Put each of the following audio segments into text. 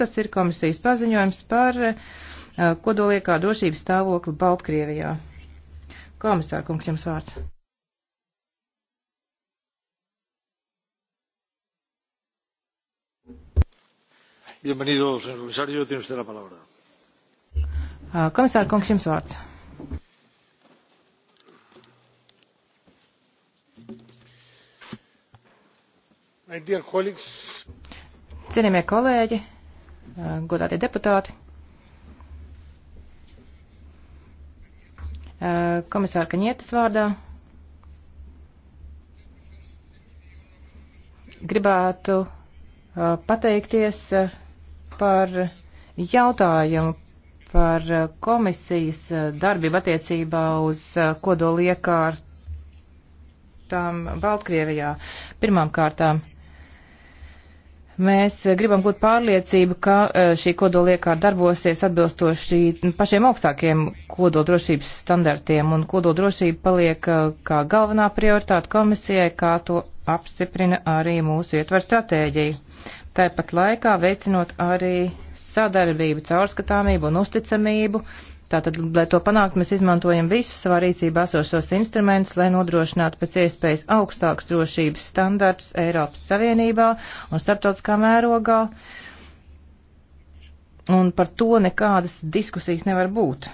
Tas ir komisijas paziņojums par uh, kodoliekā drošības stāvokli Baltkrievijā. Komisāra kungs, jums vārds. Bienvenido, señor comisario, tiene usted la palabra. Uh, ah, komisāra kungs, jums vārds. My dear colleagues. Cienījamie kolēģi, Eh, godātie deputāti. Eh, komisāra Kaņietas vārdā gribētu eh, pateikties par jautājumu par komisijas darbību attiecībā uz kodoliekārtām Baltkrievijā. Pirmām kārtām Mēs eh, gribam būt pārliecību, ka eh, šī kodoliekārta darbosies atbilstoši pašiem augstākiem kodoldrošības standartiem, un kodoldrošība paliek eh, kā galvenā prioritāte komisijai, kā to apstiprina arī mūsu ietver stratēģiju. Tāpat laikā veicinot arī sadarbību, caurskatāmību un uzticamību uh, Tātad, lai to panākt, mēs izmantojam visus savā rīcībā esošos instrumentus, lai nodrošinātu pēc iespējas augstākus drošības standartus Eiropas Savienībā un starptautiskā mērogā. Un par to nekādas diskusijas nevar būt.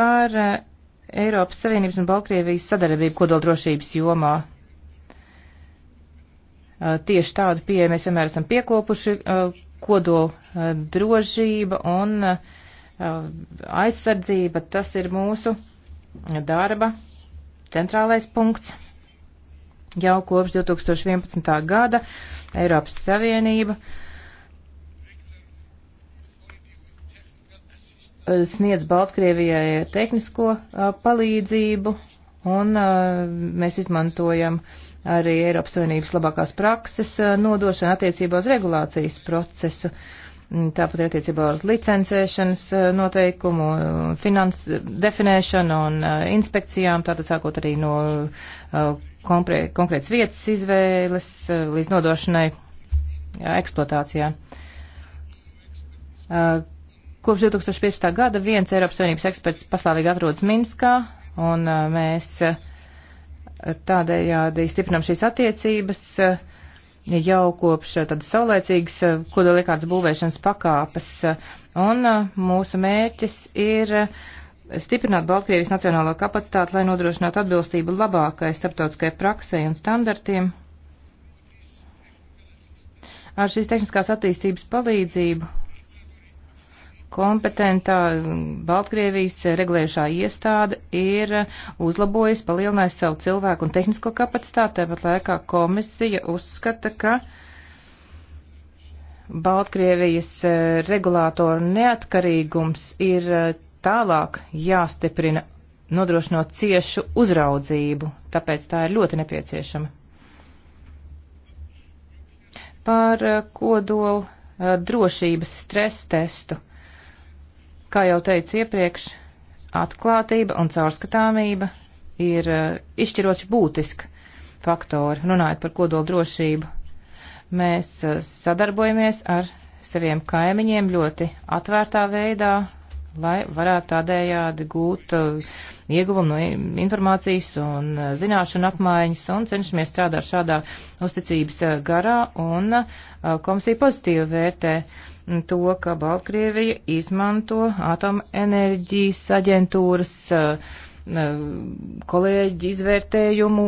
Par uh, Eiropas Savienības un Baltkrievijas sadarbību kodoldrošības jomā. Uh, tieši tādu pieeju mēs vienmēr esam piekopuši uh, kodol drošība un uh, Uh, aizsardzība, tas ir mūsu darba centrālais punkts. Jau kopš 2011. gada Eiropas Savienība uh, sniedz Baltkrievijai tehnisko uh, palīdzību, un mēs izmantojam arī Eiropas Savienības labākās prakses nodošanu attiecībā uz regulācijas procesu. Uh, Mm, tāpat ir attiecībā uz licencēšanas eh, noteikumu, finans, definēšanu un eh, inspekcijām, tātad sākot arī no eh, konkrē, konkrētas vietas izvēles līdz nodošanai eksploatācijā. Kopš 2015. gada viens Eiropas Savienības eksperts paslāvīgi atrodas Minskā, un mēs tādējādi stiprinam šīs attiecības. Uh, jau kopš eh, tad saulēcīgas eh, kodoliekārtas būvēšanas pakāpes, eh, un mūsu mērķis ir stiprināt Baltkrievijas nacionālo kapacitāti, lai nodrošinātu atbilstību labākai starptautiskai praksē un standartiem. Ar šīs tehniskās attīstības palīdzību kompetentā Baltkrievijas regulējušā iestāde ir uzlabojusi, palielinājusi savu cilvēku un tehnisko kapacitāti, tāpat laikā komisija uzskata, ka Baltkrievijas e, regulātoru neatkarīgums ir e, tālāk jāstiprina, nodrošinot ciešu uzraudzību, tāpēc tā ir ļoti nepieciešama. Par e, kodolu drošības stres testu Kā jau teicu iepriekš, atklātība un caurskatāmība ir eh, izšķiroši būtiski faktori, runājot par kodolu drošību. Mēs eh, sadarbojamies ar saviem kaimiņiem ļoti atvērtā veidā, lai varētu tādējādi gūt eh, ieguvumu no informācijas un zināšanu apmaiņas un cenšamies strādāt šādā uzticības garā un komisija pozitīvi vērtē uh, to, ka Baltkrievija izmanto atomenerģijas aģentūras eh, eh, kolēģi izvērtējumu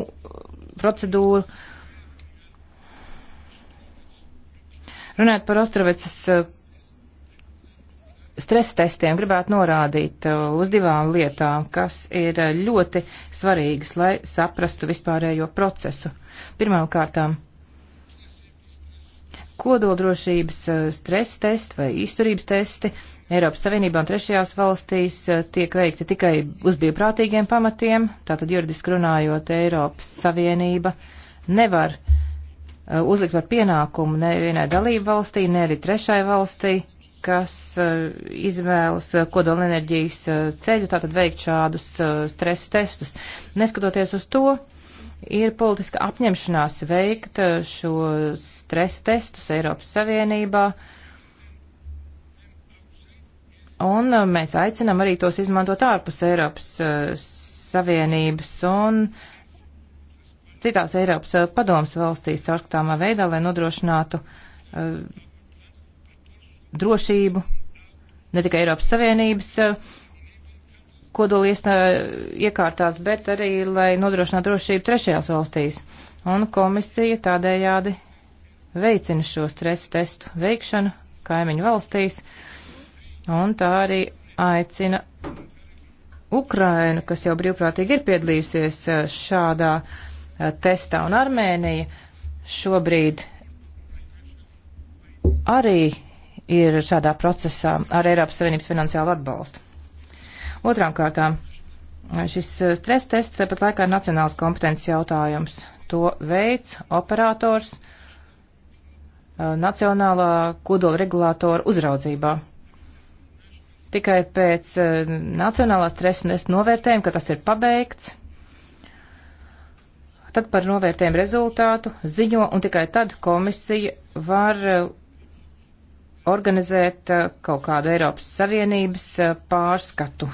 procedūru. Runājot par Ostravecas eh, stresa testiem, gribētu norādīt uz divām lietām, kas ir ļoti svarīgas, lai saprastu vispārējo procesu. Pirmkārtām Kodoldrošības eh, stresa testi vai izturības testi Eiropas Savienībā un trešajās valstīs eh, tiek veikti tikai uz brīvprātīgiem pamatiem, tātad juridiski runājot, Eiropas Savienība nevar eh, uzlikt par pienākumu nevienai dalību valstī, ne arī trešai valstī, kas izvēlas kodolenerģijas ceļu, tātad veikt šādus stresa testus. Neskatoties uz to, ir politiska apņemšanās veikt uh, šo stresa testus Eiropas Savienībā. Un uh, mēs aicinām arī tos izmantot ārpus Eiropas uh, Savienības un citās Eiropas padomas valstīs caurskatāmā veidā, lai nodrošinātu drošību ne tikai Eiropas Savienības uh, kodoliestā iekārtās, bet arī, lai nodrošinātu drošību trešajās valstīs. Un komisija tādējādi veicina šo stresu testu veikšanu kaimiņu valstīs, un tā arī aicina Ukrainu, kas jau brīvprātīgi ir piedalījusies eh, šādā eh, testā, un Armēnija šobrīd arī ir šādā procesā ar Eiropas Savienības finansiālu atbalstu. Otrām kārtām, šis eh, stress tests tāpat laikā ir nacionāls kompetences jautājums. To veids operators eh, nacionālā kodola regulātora uzraudzībā. Tikai pēc eh, nacionālā stresa un es novērtējumu, ka tas ir pabeigts, tad par novērtējumu rezultātu ziņo un tikai tad komisija var organizēt kaut kādu Eiropas Savienības pārskatu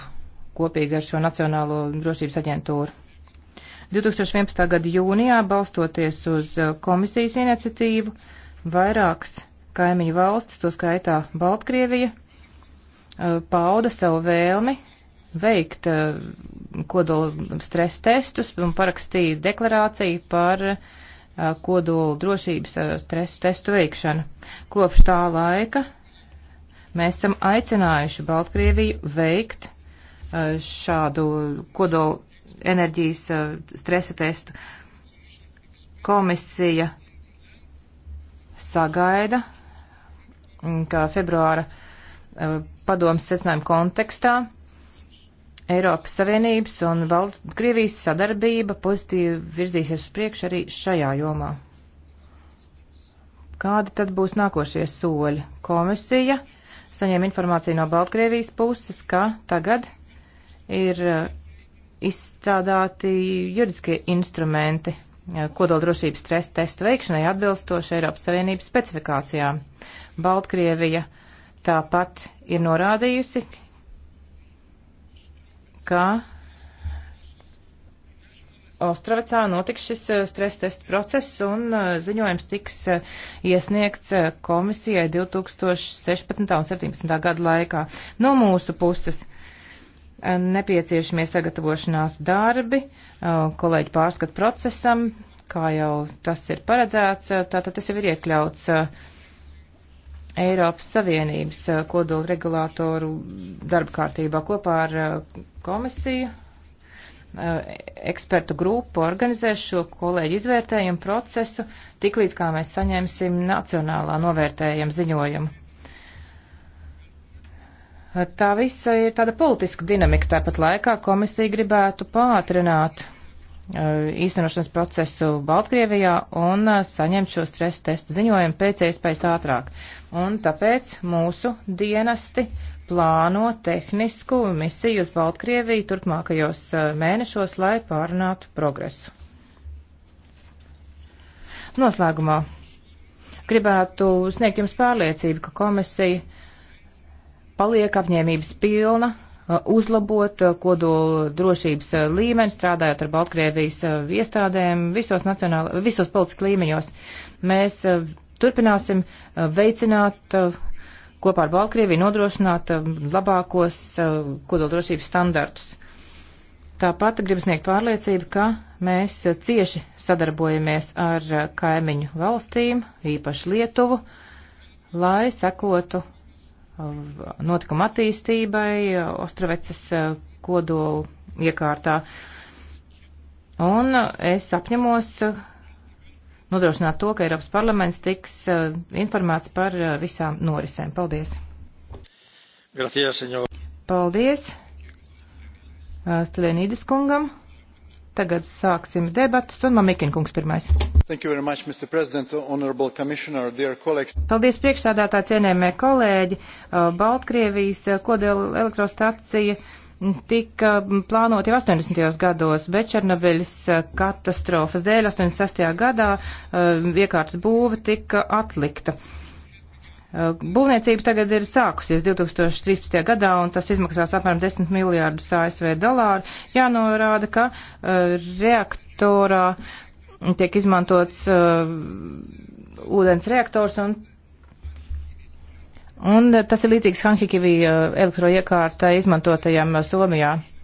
kopīgi ar šo Nacionālo drošības aģentūru. 2011. gada jūnijā, balstoties uz uh, komisijas iniciatīvu, vairākas kaimiņu valstis, to skaitā Baltkrievija, uh, pauda savu vēlmi veikt uh, kodola stresa testus un parakstīja deklarāciju par kodola drošības stresa testu veikšanu. Kopš tā laika mēs esam aicinājuši Baltkrieviju veikt Uh, šādu kodolu enerģijas uh, stresa testu. Komisija sagaida, mm, ka februāra uh, padomas secinājuma kontekstā Eiropas Savienības un Baltkrievijas sadarbība pozitīvi virzīsies uz priekšu arī šajā jomā. Kādi tad būs nākošie soļi? Komisija saņēma informāciju no Baltkrievijas puses, ka tagad ir eh, izstrādāti juridiskie instrumenti eh, kodoldrošības stresa testu veikšanai atbilstoši Eiropas Savienības specifikācijām. Baltkrievija tāpat ir norādījusi, ka Ostravecā notiks šis eh, stresa testu process un ziņojums tiks iesniegts komisijai 2016. un 2017. gada laikā. No mūsu puses nepieciešamie sagatavošanās darbi, kolēģi pārskat procesam, kā jau tas ir paredzēts, tātad tas jau ir iekļauts Eiropas Savienības kodola regulātoru darba kārtībā kopā ar komisiju. Ekspertu grupu organizēs šo kolēģi izvērtējumu procesu, tiklīdz kā mēs saņemsim nacionālā novērtējuma ziņojumu. Tā visa ir tāda politiska dinamika. Tāpat laikā komisija gribētu pātrināt uh, īstenošanas procesu Baltkrievijā un uh, saņemt šo stresa testu ziņojumu pēc iespējas ātrāk. Un tāpēc mūsu dienesti plāno tehnisku misiju uz Baltkrieviju turpmākajos uh, mēnešos, lai pārunātu progresu. Noslēgumā gribētu sniegt jums pārliecību, ka komisija paliek apņēmības pilna uh, uzlabot uh, kodolu drošības uh, līmeni, strādājot ar Baltkrievijas iestādēm visos, nacionāla, visos politiski līmeņos. Mēs turpināsim veicināt kopā ar Baltkrieviju nodrošināt labākos kodolu drošības standartus. Tāpat gribu sniegt pārliecību, ka mēs cieši sadarbojamies ar kaimiņu valstīm, īpaši Lietuvu, lai sekotu notikuma attīstībai Ostravecas eh, kodolu iekārtā. Un eh, es apņemos eh, nodrošināt to, ka Eiropas parlaments tiks informēts par visām norisēm. Paldies! Gracias, senor. Paldies! Stilēnīdis kungam! Tagad sāksim debatas, un Mamikina kungs pirmais. Much, Paldies priekšsādātā cienējumie kolēģi. Uh, Baltkrievijas uh, kodola elektrostacija mm, tika mm, plānot jau 80. gados, bet Černobiļas uh, katastrofas dēļ 86. gadā iekārtas būva tika atlikta. Eh, būvniecība tagad ir sākusies 2013. gadā, un tas izmaksās apmēram 10 miljārdus ASV dolāru. Jānorāda, ka uh, reaktorā tiek izmantots uh, ūdens reaktors, un, un tas ir līdzīgs Hankikivī uh, elektroiekārtai izmantotajam uh, Somijā. Uh,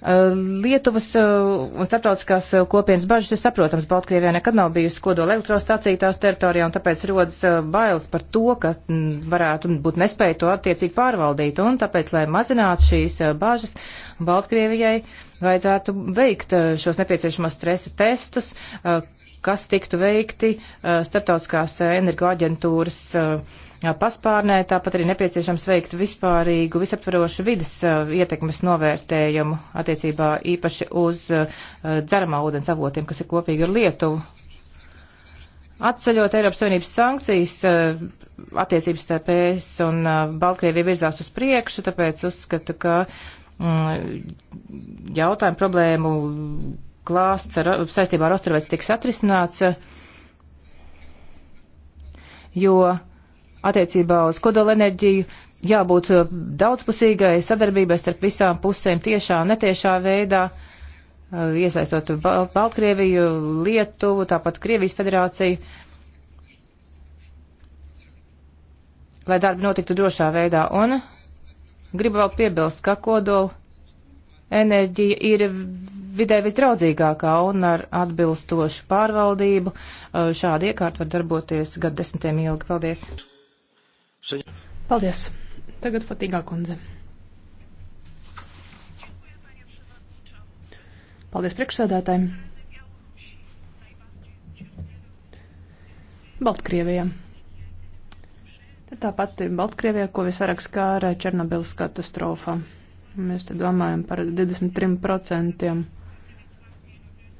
Eh, Lietuvas un eh, starptautiskās eh, kopienas bažas ir saprotams. Baltkrievijā nekad nav bijusi kodola elektrostācija tās teritorijā, un tāpēc rodas bailes par to, ka mm, varētu būt nespēja to attiecīgi pārvaldīt. Un tāpēc, lai mazinātu šīs bažas, Baltkrievijai vajadzētu veikt šos nepieciešamos stresa testus, kas tiktu veikti eh, starptautiskās eh, energoaģentūras eh, paspārnē, tāpat arī nepieciešams veikt vispārīgu, visaptvarošu vidas ietekmes novērtējumu attiecībā īpaši uz dzeramā ūdens avotiem, kas ir kopīgi ar Lietuvu. Atceļot Eiropas Savienības sankcijas, attiecības starp ES un Baltkrieviju virzās uz priekšu, tāpēc uzskatu, ka mm, jautājumu problēmu klāsts ar, saistībā ar Ostrovēts tiks atrisināts, jo attiecībā uz kodolenerģiju jābūt uh, daudzpusīgai sadarbībai starp visām pusēm tiešā un netiešā veidā, uh, iesaistot Bal Baltkrieviju, Lietuvu, tāpat Krievijas federāciju, lai darbi notiktu drošā veidā. Un gribu vēl piebilst, ka kodola enerģija ir vidē visdraudzīgākā un ar atbilstošu pārvaldību. Uh, Šādi iekārt var darboties gadu desmitiem ilgi. Paldies! Paldies! Tagad Fatīgā kundze. Paldies priekšsēdētājiem! Baltkrievijā. Tā pati Baltkrievijā, ko visvairāk skāra Černobilas katastrofa. Mēs te domājam par 23%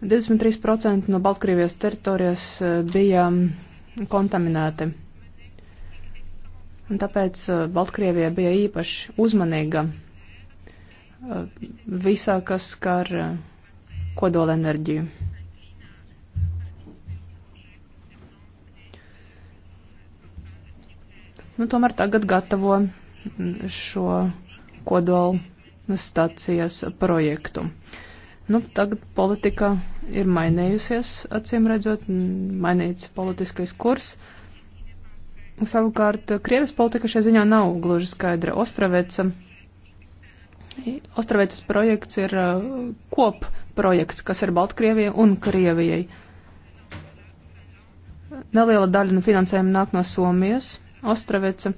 23% no Baltkrievijas teritorijas eh, bija mm, kontaminēti. Un tāpēc eh, Baltkrievija bija īpaši uzmanīga eh, visā, kas skar kodolenerģiju. Nu, tomēr tagad gatavo mm, šo kodolu stacijas projektu. Nu, tagad politika ir mainījusies, acīm redzot, mainīts politiskais kurs. Savukārt, Krievijas politika šajā ziņā nav gluži skaidra. Ostraveca, Ostravecas projekts ir uh, kop projekts, kas ir Baltkrievijai un Krievijai. Neliela daļa no finansējuma nāk no Somijas. Ostraveca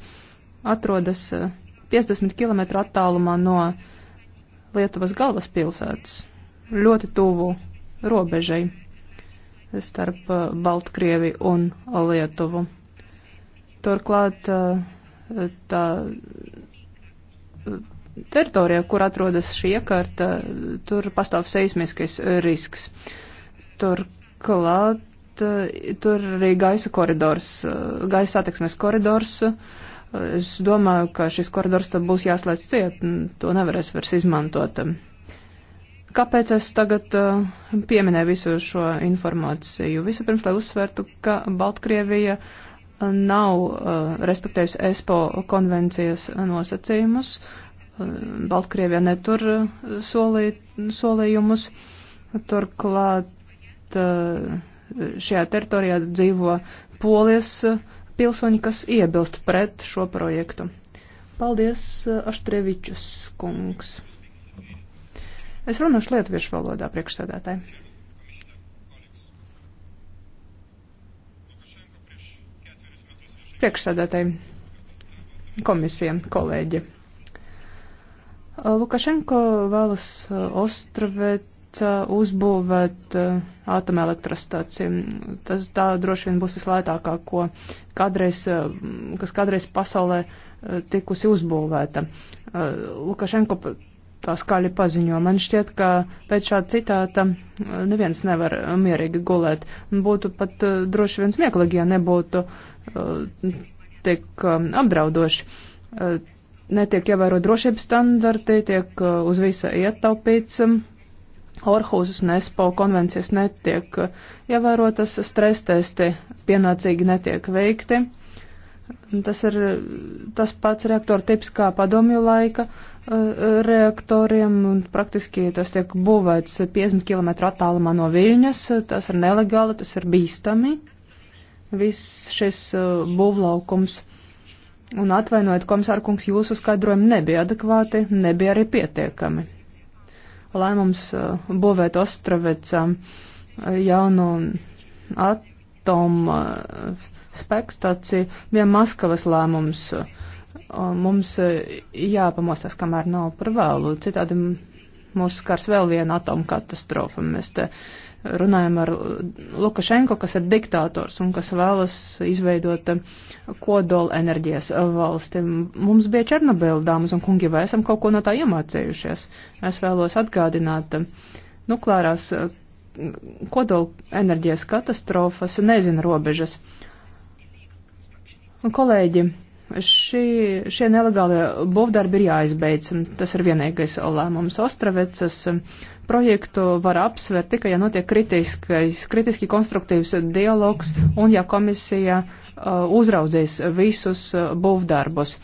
atrodas 50 uh, km attālumā no Lietuvas galvaspilsētas ļoti tuvu robežai starp uh, Baltkrievi un Lietuvu. Turklāt uh, tā uh, teritorija, kur atrodas šī iekārta, tur pastāv seismiskais risks. Turklāt tur arī gaisa koridors, gaisa attieksmes koridors. Es domāju, ka šis koridors tad būs jāslēdz ciet, to nevarēs vairs izmantot. Um, Kāpēc es tagad uh, pieminēju visu šo informāciju? Vispirms, lai uzsvertu, ka Baltkrievija eh, nav uh, respektējusi ESPO konvencijas nosacījumus. Uh, Baltkrievija netur solī, solījumus. Turklāt uh, šajā teritorijā dzīvo polijas pilsoņi, kas iebilst pret šo projektu. Paldies, Aštrevičus kungs! Es runāšu lietuviešu valodā priekšsēdētāji. Priekšsēdētāji, komisija, kolēģi. Lukašenko vēlas uh, ostravēt uzbūvēt uh, atomelektrostaciju. Tas tā droši vien būs vislētākā, ko kādreiz, uh, kas kādreiz pasaulē tikusi uzbūvēta. Lukašenko tā skaļi paziņo. Man šķiet, ka pēc šāda citāta eh, neviens nevar eh, mierīgi gulēt. Būtu pat eh, droši vien smieklīgi, ja nebūtu tik apdraudoši. Netiek ievērot drošības standarti, tiek uz visa ietaupīts. Orhusas un ESPO konvencijas netiek ievērotas, stresstesti pienācīgi netiek veikti. Uh, Tas ir tas pats reaktoru tips kā padomju laika uh, reaktoriem, un praktiski tas tiek būvēts 50 km attālumā no Viļņas. Tas ir nelegāli, tas ir bīstami. Viss šis uh, būvlaukums. Un atvainojiet, komisārkungs, jūsu skaidrojumi nebija adekvāti, nebija arī pietiekami. Lēmums uh, būvēt Ostravecam jaunu atomu spēkstacija bija Maskavas lēmums. Mums e, jāpamostās, kamēr nav par vēlu. Citādi mūs skars vēl viena atoma katastrofa. Mēs te runājam ar Lukašenko, kas ir diktators un kas vēlas izveidot e, kodola enerģijas valsti. Mums bija Černobila dāmas un kungi, vai esam kaut ko no tā iemācījušies? Es vēlos atgādināt e, nuklārās kodola enerģijas katastrofas nezina robežas. Kolēģi, šī, šie nelegālie būvdarbi ir jāizbeidz. Tas ir vienīgais lēmums. Ostravecas projektu var apsvērt tikai, ja notiek kritiskais, kritiski konstruktīvs dialogs un ja komisija uh, uzraudzīs visus uh, būvdarbus.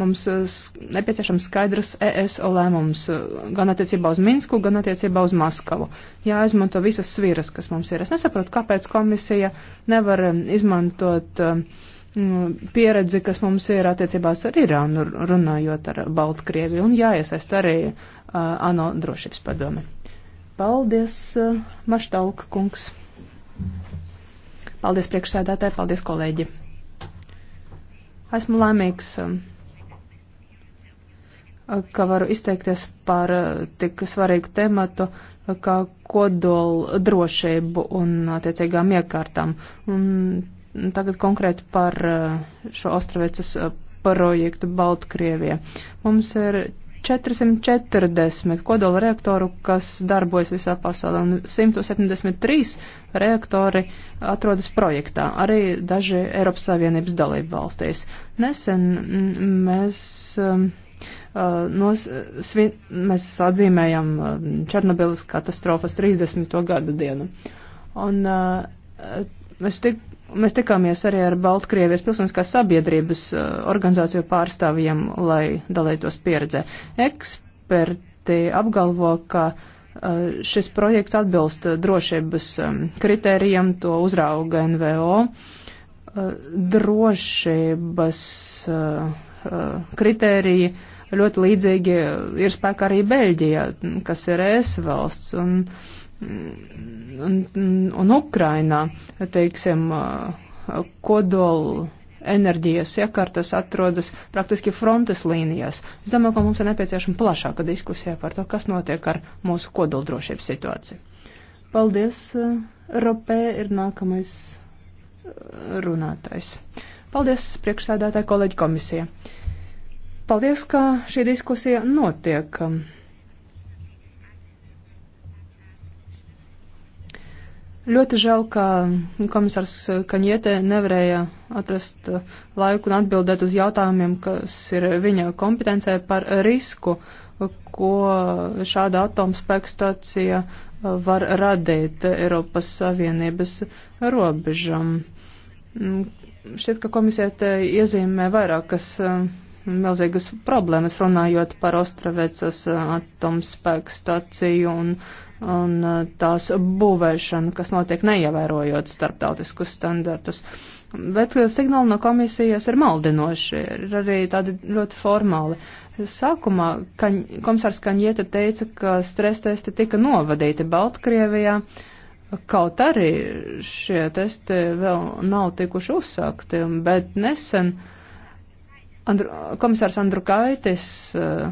Mums uh, nepieciešams skaidrs ES lēmums uh, gan attiecībā uz Minsku, gan attiecībā uz Maskavu. Jāizmanto visas sviras, kas mums ir. Es nesaprotu, kāpēc komisija nevar um, izmantot uh, Nu, pieredzi, kas mums ir attiecībās ar Irānu, runājot ar Baltkrieviju, un jāiesaist arī uh, ANO drošības padomi. Paldies, uh, Maštalka kungs. Paldies priekšsēdētāji, paldies kolēģi. Esmu laimīgs, uh, ka varu izteikties par uh, tik svarīgu tematu, uh, kā kodola drošību un attiecīgām iekārtām. Un tagad konkrēti par eh, šo Ostravecas eh, projektu Baltkrievijā. Mums ir 440 kodola reaktoru, kas darbojas visā pasaulē, un 173 reaktori atrodas projektā, arī daži Eiropas Savienības dalību valstīs. Nesen mēs. Um, nos, svin, mēs atzīmējam Černobilas katastrofas 30. gada dienu. Un uh, es tik, Mēs tikāmies arī ar Baltkrievijas pilsoniskās sabiedrības uh, organizāciju pārstāvjiem, lai dalītos pieredzē. Eksperti apgalvo, ka uh, šis projekts atbilst drošības um, kritērijiem, to uzrauga NVO. Uh, drošības kritēriji ļoti līdzīgi ir spēkā arī Beļģijā, kas ir ES valsts. Un, uh, un, un Ukrainā, teiksim, kodolu enerģijas iekārtas atrodas praktiski frontes līnijās. Es domāju, ka mums ir nepieciešama plašāka diskusija par to, kas notiek ar mūsu kodoldrošības situāciju. Paldies, Ropē ir nākamais runātājs. Paldies, priekšsēdētāji kolēģi komisija. Paldies, ka šī diskusija notiek. Ļoti žēl, ka komisārs Kaņietē nevarēja atrast laiku un atbildēt uz jautājumiem, kas ir viņa kompetencē par risku, ko šāda atomspēkstacija var radīt Eiropas Savienības robežam. Šķiet, ka komisija te iezīmē vairākas uh, milzīgas problēmas runājot par Ostravecas uh, atomspēkstaciju un uh, un uh, tās būvēšana, kas notiek neievērojot starptautiskus standartus. Bet uh, signāli no komisijas ir maldinoši, ir arī tādi ļoti formāli. Sākumā kaņ, komisārs Kaņieta teica, ka stres testi tika novadīti Baltkrievijā, kaut arī šie testi vēl nav tikuši uzsākti, bet nesen Andru, komisārs Andru Kaitis uh,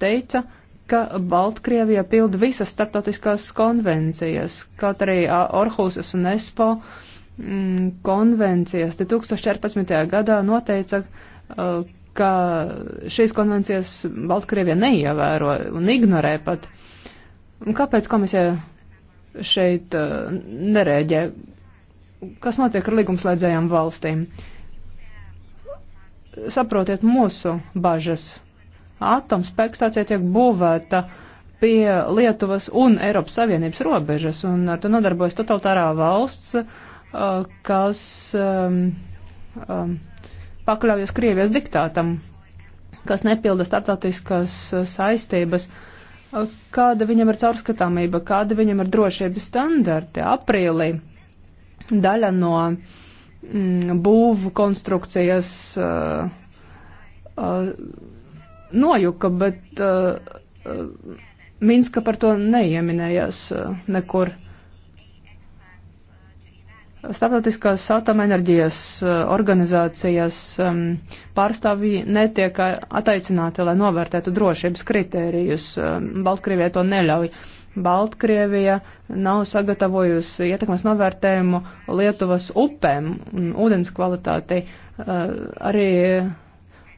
teica, ka Baltkrievija pild visas startautiskās konvencijas, kaut arī Orhusas un ESPO mm, konvencijas 2014. gadā noteica, ka šīs konvencijas Baltkrievija neievēro un ignorē pat. Un kāpēc komisija šeit uh, nereģē? Kas notiek ar līgumslēdzējām valstīm? Saprotiet mūsu bažas atomspēkstācija tiek būvēta pie Lietuvas un Eiropas Savienības robežas, un ar to nodarbojas totalitārā valsts, uh, kas um, um, pakļaujas Krievijas diktātam, kas nepilda startautiskas uh, saistības. Uh, kāda viņam ir caurskatāmība, kāda viņam ir drošības standarti? Aprīlī daļa no mm, būvu konstrukcijas uh, uh, nojuka, bet uh, uh, Minska par to neieminējās uh, nekur. Startautiskās atomenerģijas uh, organizācijas um, pārstāvji netiek uh, ataicināti, lai novērtētu drošības kritērijus. Um, Baltkrievijai to neļauj. Baltkrievija nav sagatavojusi ietekmes novērtējumu Lietuvas upēm un ūdens kvalitātei. Uh, arī uh,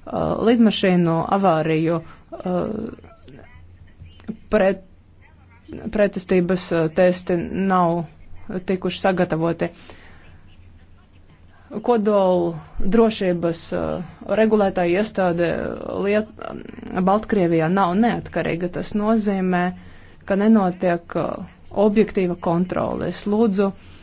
Uh, lidmašīnu avāriju uh, pret, pretestības uh, testi nav tikuši sagatavoti. Kodolu drošības regulētāja iestāde liet, um, Baltkrievijā nav neatkarīga. Tas nozīmē, ka nenotiek objektīva kontrole. Es lūdzu uh,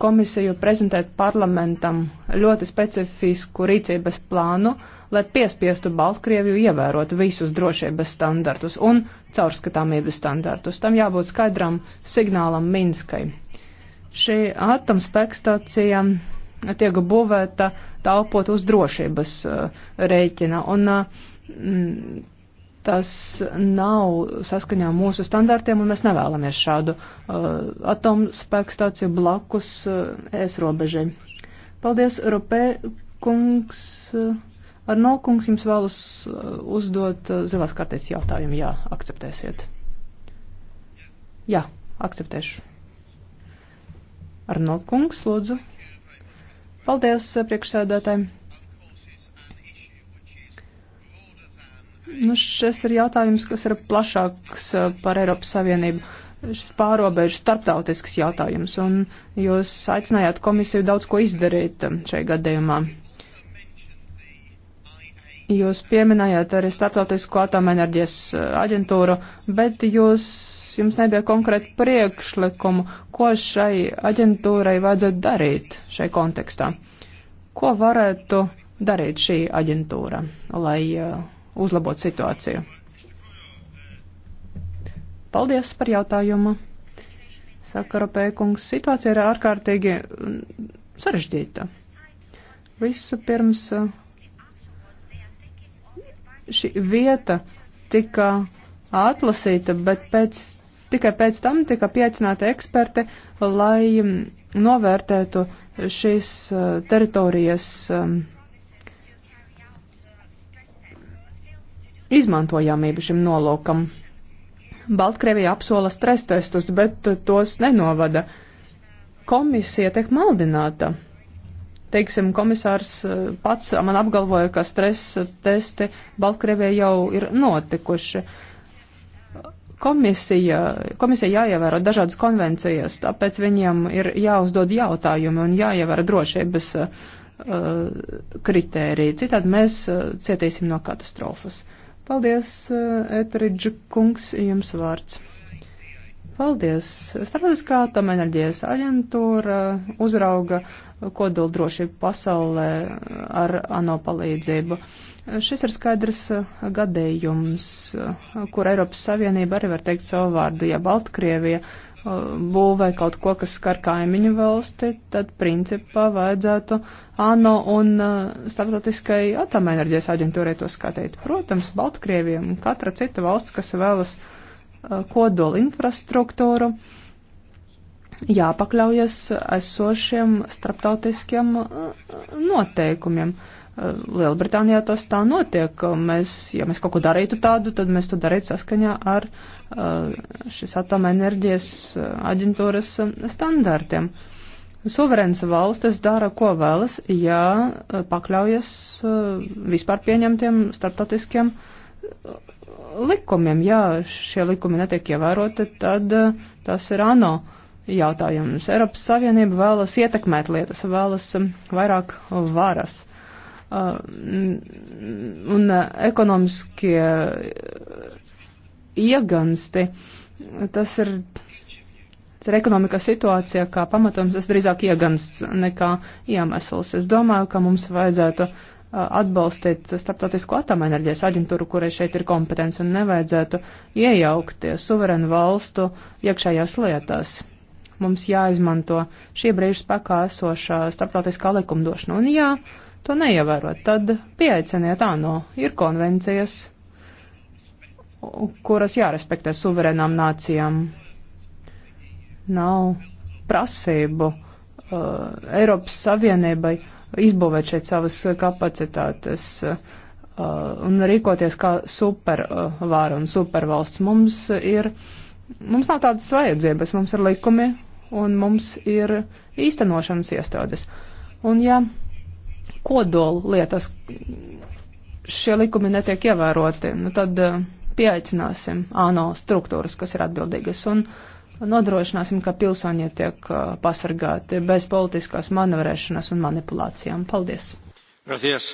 komisiju prezentēt parlamentam ļoti specifisku rīcības plānu, lai piespiestu Baltkrieviju ievērot visus drošības standartus un caurskatāmības standartus. Tam jābūt skaidram signālam Minskai. Šī atomspēkstacija tiek būvēta taupot uz drošības uh, rēķina, un uh, tas nav saskaņā mūsu standartiem, un mēs nevēlamies šādu uh, atomspēku stāciju blakus uh, ES robežai. Paldies, Ropē kungs. Uh, Arno kungs jums vēlas uh, uzdot uh, zilās kartēs jautājumu. Jā, akceptēsiet. Jā, akceptēšu. Arno kungs, lūdzu. Paldies uh, priekšsēdētājiem. Nu, šis ir jautājums, kas ir plašāks eh, par Eiropas Savienību. Šis pārobežu starptautisks jautājums, un jūs aicinājāt komisiju daudz ko izdarīt eh, šajā gadījumā. Jūs pieminējāt arī starptautisko atomenerģijas eh, aģentūru, bet jūs, jums nebija konkrēti priekšlikumu, ko šai aģentūrai vajadzētu darīt šai kontekstā. Ko varētu darīt šī aģentūra, lai uh, uzlabot situāciju. Paldies par jautājumu. Sakara pēkungs, situācija ir ārkārtīgi mm, sarežģīta. Visu pirms mm, šī vieta tika atlasīta, bet pēc, tikai pēc tam tika pieaicināti eksperti, lai mm, novērtētu šīs teritorijas um, izmantojamību šim nolūkam. Baltkrievija apsola stres testus, bet tos nenovada. Komisija tiek maldināta. Teiksim, komisārs eh, pats man apgalvoja, ka stresa testi Baltkrievijai jau ir notikuši. Komisija, komisija jāievēro dažādas konvencijas, tāpēc viņiem ir jāuzdod jautājumi un jāievēro drošības uh, kritēriji. Citādi mēs uh, cietīsim no katastrofas. Uh, Paldies, eh, Eteridža kungs, jums vārds. Paldies! Starptautiskā atomenerģijas aģentūra uzrauga kodola drošību pasaulē ar ANO palīdzību. Šis ir skaidrs gadījums, kur Eiropas Savienība arī var teikt savu vārdu, ja Baltkrievija uh, būvē kaut ko, kas skar kaimiņu valsti, tad principā vajadzētu ANO un uh, starptautiskai atomenerģijas aģentūrai to skatīt. Protams, Baltkrievija un katra cita valsts, kas vēlas uh, kodola infrastruktūru, jāpakļaujas esošiem starptautiskiem uh, noteikumiem. Uh, Lielbritānijā tas tā notiek. Mēs, ja mēs kaut ko darītu tādu, tad mēs to darītu saskaņā ar uh, šis atomenerģijas uh, aģentūras um, standārtiem. Suverēns valstis dara, ko vēlas, ja uh, pakļaujas vispār pieņemtiem startautiskiem likumiem. Ja šie likumi netiek ievēroti, tad tas ir ANO jautājums. Eiropas Savienība vēlas ietekmēt lietas, vēlas um, vairāk varas. Uh, Uh, un uh, ekonomiskie uh, iegansti. Tas ir, tas ir ekonomikas situācija kā pamatojums, tas drīzāk iegansts nekā iemesls. Es domāju, ka mums vajadzētu atbalstīt starptautisko atomenerģijas aģentūru, kurai šeit ir kompetence un nevajadzētu iejaukties suverenu valstu iekšējās lietās. Mums jāizmanto šī brīža spēkā esošā starptautiskā likumdošana. Un jā, uh, to neievērot, tad pieaiciniet ANO. Ir konvencijas, kuras jārespektē suverēnām nācijām. Nav prasību uh, Eiropas Savienībai izbūvēt šeit savas kapacitātes. Uh, un rīkoties kā supervāra un supervalsts. Mums ir, mums nav tādas vajadzības, mums ir likumi un mums ir īstenošanas iestādes. Un ja kodolu lietas šie likumi netiek ievēroti, nu tad eh, pieaicināsim ANO struktūras, kas ir atbildīgas, un nodrošināsim, ka pilsoņi tiek eh, pasargāti bez politiskās manevrēšanas un manipulācijām. Paldies! Gracias,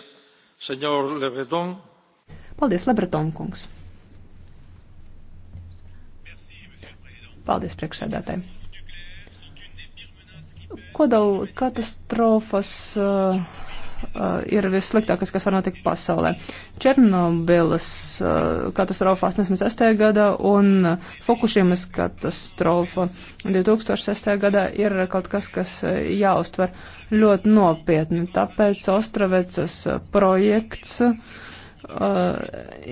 senor Lebreton. Paldies, Lebreton kungs! Paldies, priekšsēdētāji! Kodola katastrofas uh, eh, Uh, ir vissliktākais, kas var notikt pasaulē. Černobilas uh, katastrofās 96. gadā un Fukushimas katastrofa 2006. gadā ir kaut kas, kas uh, jāuztver ļoti nopietni. Tāpēc Ostravecas projekts uh,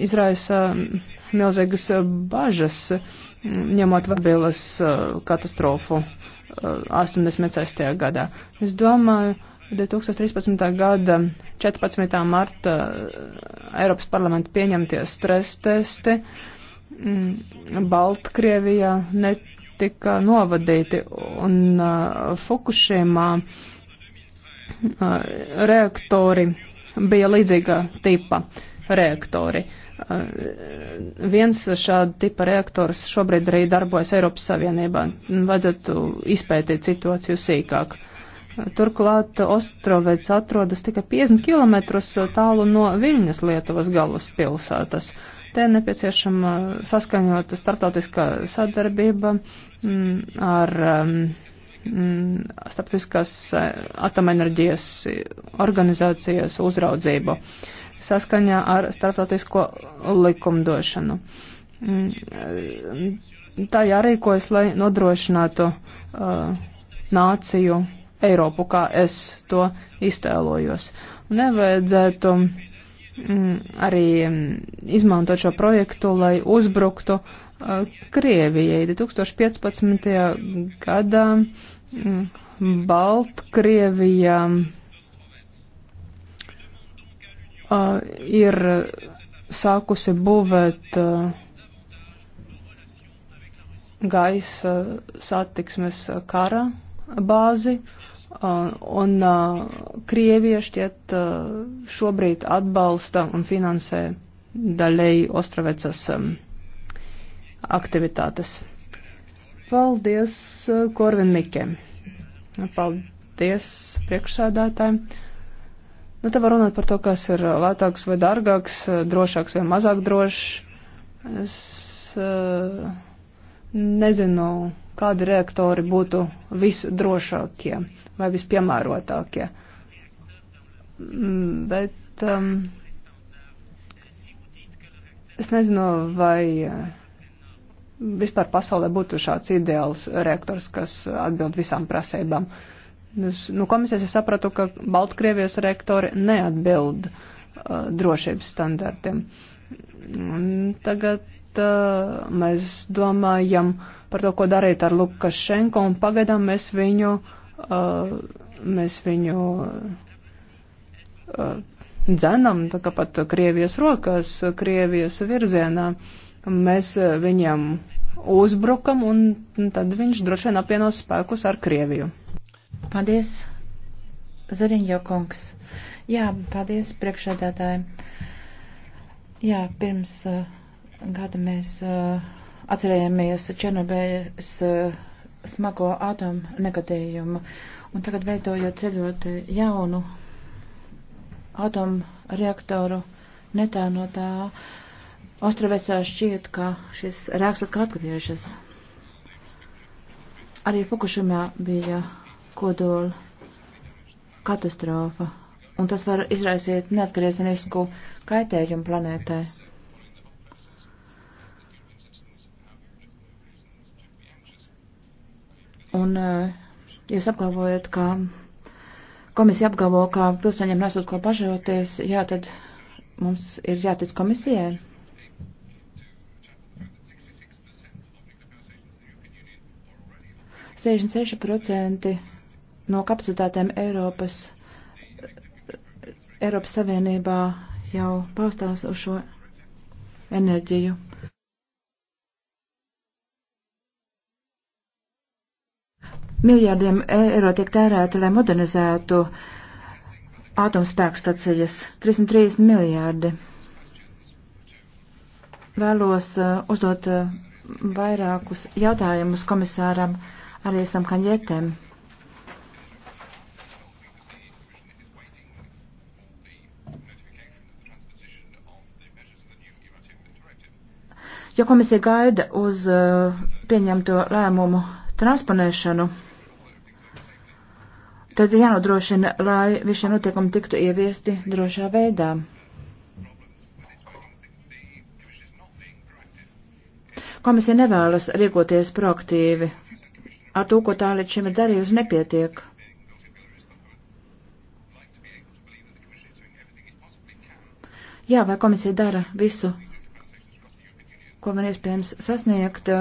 izraisa milzīgas bažas, ņemot Vabilas katastrofu 86. gadā. Es domāju, 2013. gada 14. marta eh, Eiropas parlamenta pieņemtie stres testi mm, Baltkrievijā netika novadīti un uh, eh, Fukušīmā uh, eh, reaktori bija līdzīga tipa reaktori. Uh, viens šāda tipa reaktors šobrīd arī darbojas Eiropas Savienībā. Vajadzētu izpētīt situāciju sīkāk. Uh, Turklāt Ostrovets atrodas tikai 50 km tālu no Viņas Lietuvas galvaspilsētas. Te nepieciešama saskaņota starptautiskā sadarbība mm, ar mm, mm, starptautiskās eh, atomenerģijas organizācijas uzraudzību saskaņā ar starptautisko likumdošanu. Tā jārīkojas, lai nodrošinātu uh, nāciju Eiropu, kā es to iztēlojos. Nevajadzētu mm, arī mm, izmantot šo projektu, lai uzbruktu uh, Krievijai. 2015. gadā mm, Baltkrievija uh, ir sākusi būvēt uh, gaisa satiksmes kara bāzi Uh, un uh, Krievija šķiet uh, šobrīd atbalsta un finansē daļēji Ostravecas um, aktivitātes. Paldies Korvin Mikē. Paldies priekšsēdētājiem. Nu, te var runāt par to, kas ir lētāks vai dārgāks, drošāks vai mazāk drošs. Es uh, Nezinu, kādi reaktori būtu visdrošākie vai vispiemērotākie. Mm, bet um, es nezinu, vai uh, vispār pasaulē būtu šāds ideāls reaktors, kas atbild visām prasībām. Es, nu, komisijas es sapratu, ka Baltkrievijas reaktori neatbild uh, drošības standartiem. Un tagad uh, mēs domājam par to, ko darīt ar Lukašenko, un pagaidām mēs viņu, uh, mēs viņu uh, dzenam, tā kā pat Krievijas rokās, Krievijas virzienā. Mēs viņam uzbrukam, un tad viņš droši vien apvienos spēkus ar Krieviju. Paldies, Zariņo kungs. Jā, paldies priekšādātājiem. Jā, pirms. Uh gada mēs uh, atcerējāmies Černobēļas uh, smago atomu negadījumu. Un tagad veidojot ceļot jaunu atomu reaktoru netā no tā, Ostravecā šķiet, ka šis rēks atkal atgriežas. Arī Fukušumā bija kodola katastrofa, un tas var izraisīt neatgriezenisku kaitējumu planētai. Un e, jūs apgalvojat, ka komisija apgalvo, ka pilsēņiem nesot ko pažēloties, jā, tad mums ir jātic komisijai. Sešdesmit seši procenti no kapacitātēm Eiropas, Eiropas Savienībā jau paustās uz šo enerģiju. miljārdiem eiro tiek tērēti, lai modernizētu atomspēkstacijas. 330 miljārdi. Vēlos uh, uzdot uh, vairākus jautājumus komisāram arī esam kaņietem. Ja komisija gaida uz uh, pieņemto lēmumu transponēšanu, Tad jānodrošina, lai visi šie notiekumi tiktu ieviesti drošā veidā. Komisija nevēlas rīkoties proaktīvi. Ar to, ko tā līdz šim ir darījusi, nepietiek. Jā, vai komisija dara visu, ko man iespējams sasniegt?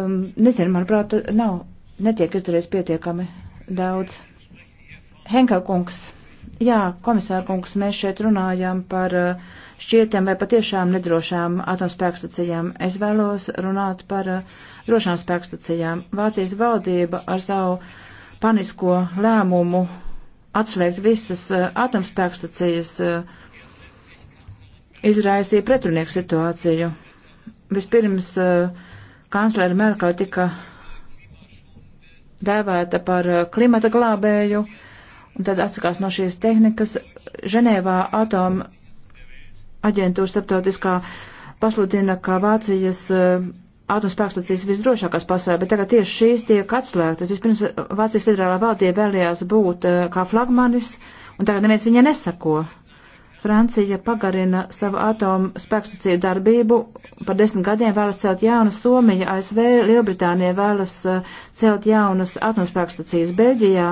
Um, nezinu, manuprāt, nav, netiek izdarīts pietiekami daudz. Henkel kungs, jā, komisāra kungs, mēs šeit runājam par uh, šķietiem vai patiešām nedrošām atomspēkstacijām. Es vēlos runāt par uh, drošām spēkstacijām. Vācijas valdība ar savu panisko lēmumu atslēgt visas uh, atomspēkstacijas izraisīja pretrunieku situāciju. Vispirms kanclere Merkel tika dēvēta par eh, klimata glābēju, un tad atsakās no šīs tehnikas. Ženēvā atoma aģentūra starptautiskā pasludina, ka Vācijas eh, atomspēkstacijas visdrošākās pasaulē, bet tagad tieši šīs tiek atslēgtas. Vispirms eh, Vācijas federālā valdība vēlējās būt kā flagmanis, un tagad neviens viņa nesako. Francija pagarina savu atomu spēkstaciju darbību par desmit gadiem vēlas celt jaunas Somija, ASV, Lielbritānija vēlas uh, celt jaunas atomspēkstacijas Beļģijā.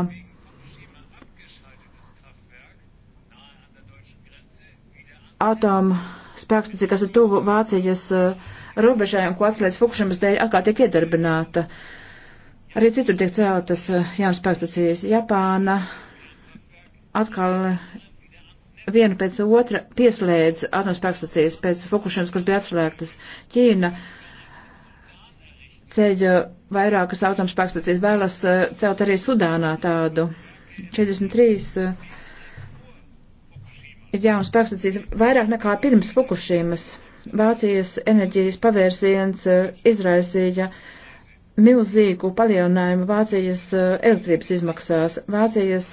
Atomu spēkstacija, kas ir tuvu Vācijas uh, robežai un ko atslēdz Fukušamas dēļ, atkal tiek iedarbināta. Arī citur tiek celtas uh, jaunas spēkstacijas Japāna. Atkal viena pēc otra pieslēdz atomspēkstacijas pēc Fukušiemas, kas bija atslēgtas. Ķīna ceļ eh, vairākas atomspēkstacijas, vēlas eh, celt arī Sudānā tādu. 43 eh, ir jaunas spēkstacijas, vairāk nekā pirms Fukušiemas. Vācijas enerģijas pavērsiens izraisīja milzīgu palielinājumu Vācijas elektrības izmaksās. Vācijas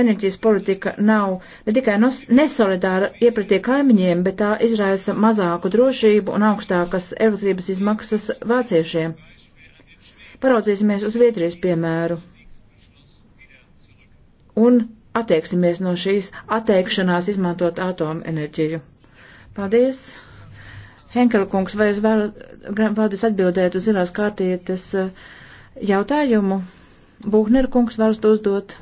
enerģijas politika nav ne tikai nesolidāra iepratī kaimiņiem, bet tā izraisa mazāku drošību un augstākas elektrības izmaksas vāciešiem. Paraudzīsimies uz Vietrijas piemēru un attieksimies no šīs atteikšanās izmantot atomenerģiju. Paldies! Henkela kungs, vai jūs vēlaties atbildēt uz zilās kārtītes eh, jautājumu? Buhner kungs varat uzdot.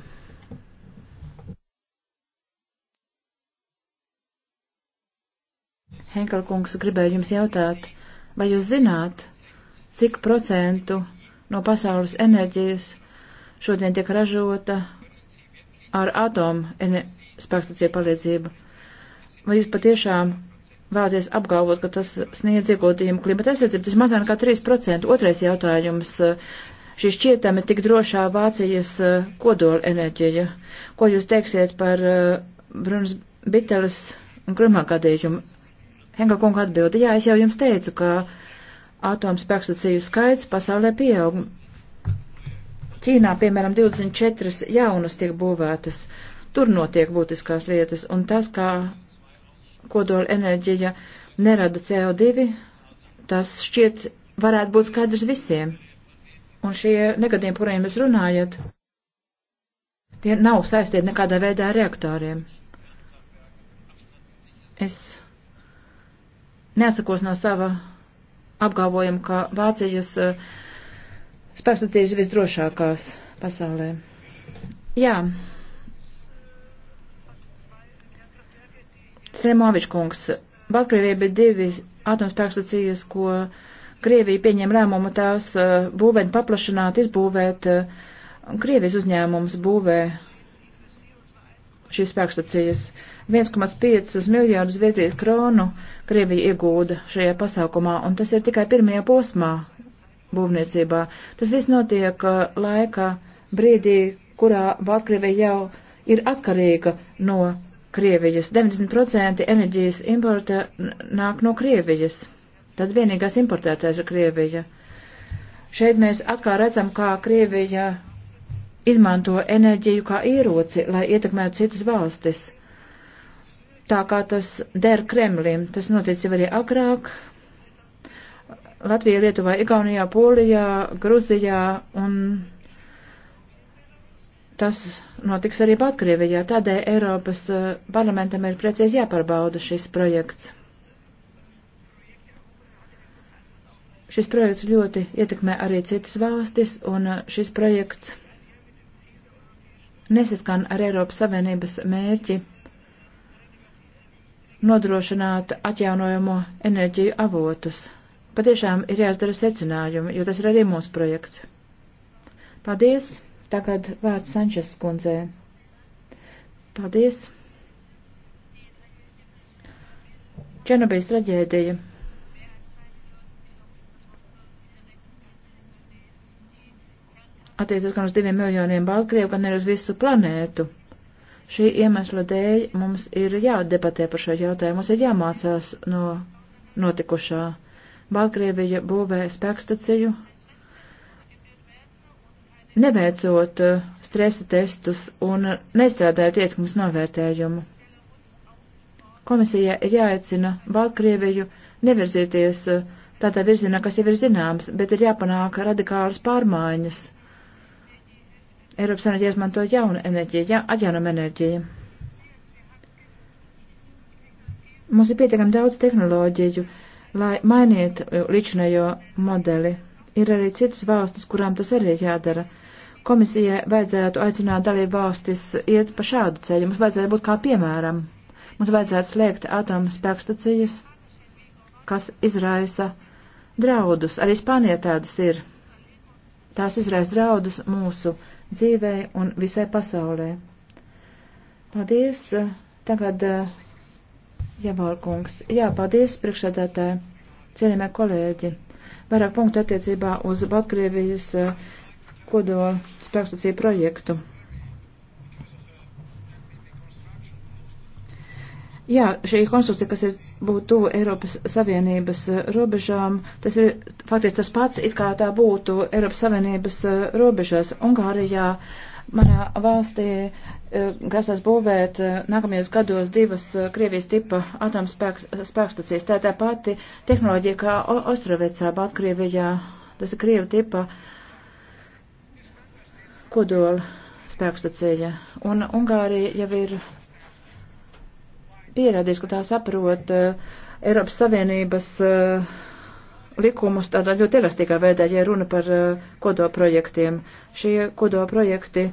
Henkel kungs, gribēju jums jautāt, vai jūs zināt, cik procentu no pasaules enerģijas šodien tiek ražota ar atomu spēkstaciju palīdzību? Vai jūs patiešām vēlaties apgalvot, ka tas sniedz ieguldījumu klimata aizsardzību? Tas mazāk nekā 3%. Otrais jautājums eh, šī šķietami tik drošā Vācijas eh, kodola enerģija. Ko jūs teiksiet par eh, Brunas Biteles un Krumā gadījumu? Henga kunga atbildi, jā, es jau jums teicu, ka atomspēkstaciju skaits pasaulē pieaug. Ķīnā, piemēram, 24 jaunas tiek būvētas. Tur notiek būtiskās lietas, un tas, kā kodola enerģija nerada CO2, tas šķiet varētu būt skaidrs visiem. Un šie negadījumi, par kuriem jūs runājat, tie nav saistīti nekādā veidā ar reaktoriem. Es neatsakos no sava apgalvojuma, ka Vācijas eh, spēkstacijas visdrošākās pasaulē. Jā. Slimovičs kungs, Baltkrievija bija divi atomspēkstacijas, ko Krievija pieņem lēmumu tās eh, būvēt, paplašināt, izbūvēt. Eh, Krievijas uzņēmums būvē šīs spēkstacijas. Uh, 1,5 miljārdus vietiešu kronu Krievija iegūda šajā pasākumā, un tas ir tikai pirmajā posmā būvniecībā. Tas viss notiek uh, laika brīdī, kurā Baltkrievija jau ir atkarīga no Krievijas. 90% enerģijas importa nāk no Krievijas. Tad vienīgais importētājs ir Krievija. Šeit mēs atkal redzam, kā Krievija izmanto enerģiju kā ieroci, lai ietekmētu citas valstis tā kā tas der Kremlim. Tas notiek jau arī agrāk. Latvijā, Lietuvā, Igaunijā, Polijā, Gruzijā un tas notiks arī Baltkrievijā. Tādēļ Eiropas eh, parlamentam ir precīzi jāpārbauda šis projekts. Šis projekts ļoti ietekmē arī citas valstis, un eh, šis projekts nesaskan ar Eiropas Savienības mērķi nodrošināt atjaunojamo enerģiju avotus. Patiešām ir jāizdara secinājumi, jo tas ir arī mūsu projekts. Paldies! Tagad vārds Sančes kundzē. Paldies! Černobijas traģēdija. Attiecas gan uz diviem miljoniem Baltkrievu, gan arī uz visu planētu. Šī iemesla dēļ mums ir jādebatē par šo jautājumu, mums ir jāmācās no notikušā. Baltkrievija būvē spēkstaciju, neveicot uh, stresa testus un nestrādājot ietekmes novērtējumu. Komisijā ir jāaicina Baltkrieviju nevirzīties uh, tādā virzienā, kas jau ir zināms, bet ir jāpanāk radikālas pārmaiņas Eiropas Savienība izmanto jaunu enerģiju, ja, atjaunumu enerģiju. Mums ir pietiekami daudz tehnoloģiju, lai mainītu līdzinējo modeli. Ir arī citas valstis, kurām tas arī ir jādara. Komisijai vajadzētu aicināt dalību valstis iet pa šādu ceļu. Mums vajadzētu būt kā piemēram. Mums vajadzētu slēgt atomu spēkstacijas, kas izraisa draudus. Arī Spānijā tādas ir. Tās izraisa draudus mūsu dzīvē un visai pasaulē. Paldies. Tagad eh, Javārkungs. Jā, paldies priekšsēdētāji, cienījamie kolēģi. Vairāk punktu attiecībā uz Baltkrievijas eh, kodola spēkstacīju projektu. Jā, šī konstrukcija, kas ir būt tuvu Eiropas Savienības eh, robežām. Tas ir faktiski tas pats, it kā tā būtu Eiropas Savienības eh, robežās. Ungārijā manā valstī eh, grasās būvēt nākamajos gados divas Krievijas tipa atomspēkstacijas. Tā ir tā pati tehnoloģija kā Ostravecā, Baltkrievijā. Tas ir Krieva tipa kodola spēkstacija. Un Ungārija jau ir pierādījis, ka tā saprot uh, Eiropas Savienības uh, likumus tādā ļoti elastīgā veidā, ja runa par uh, eh, kodoprojektiem. Šie kodoprojekti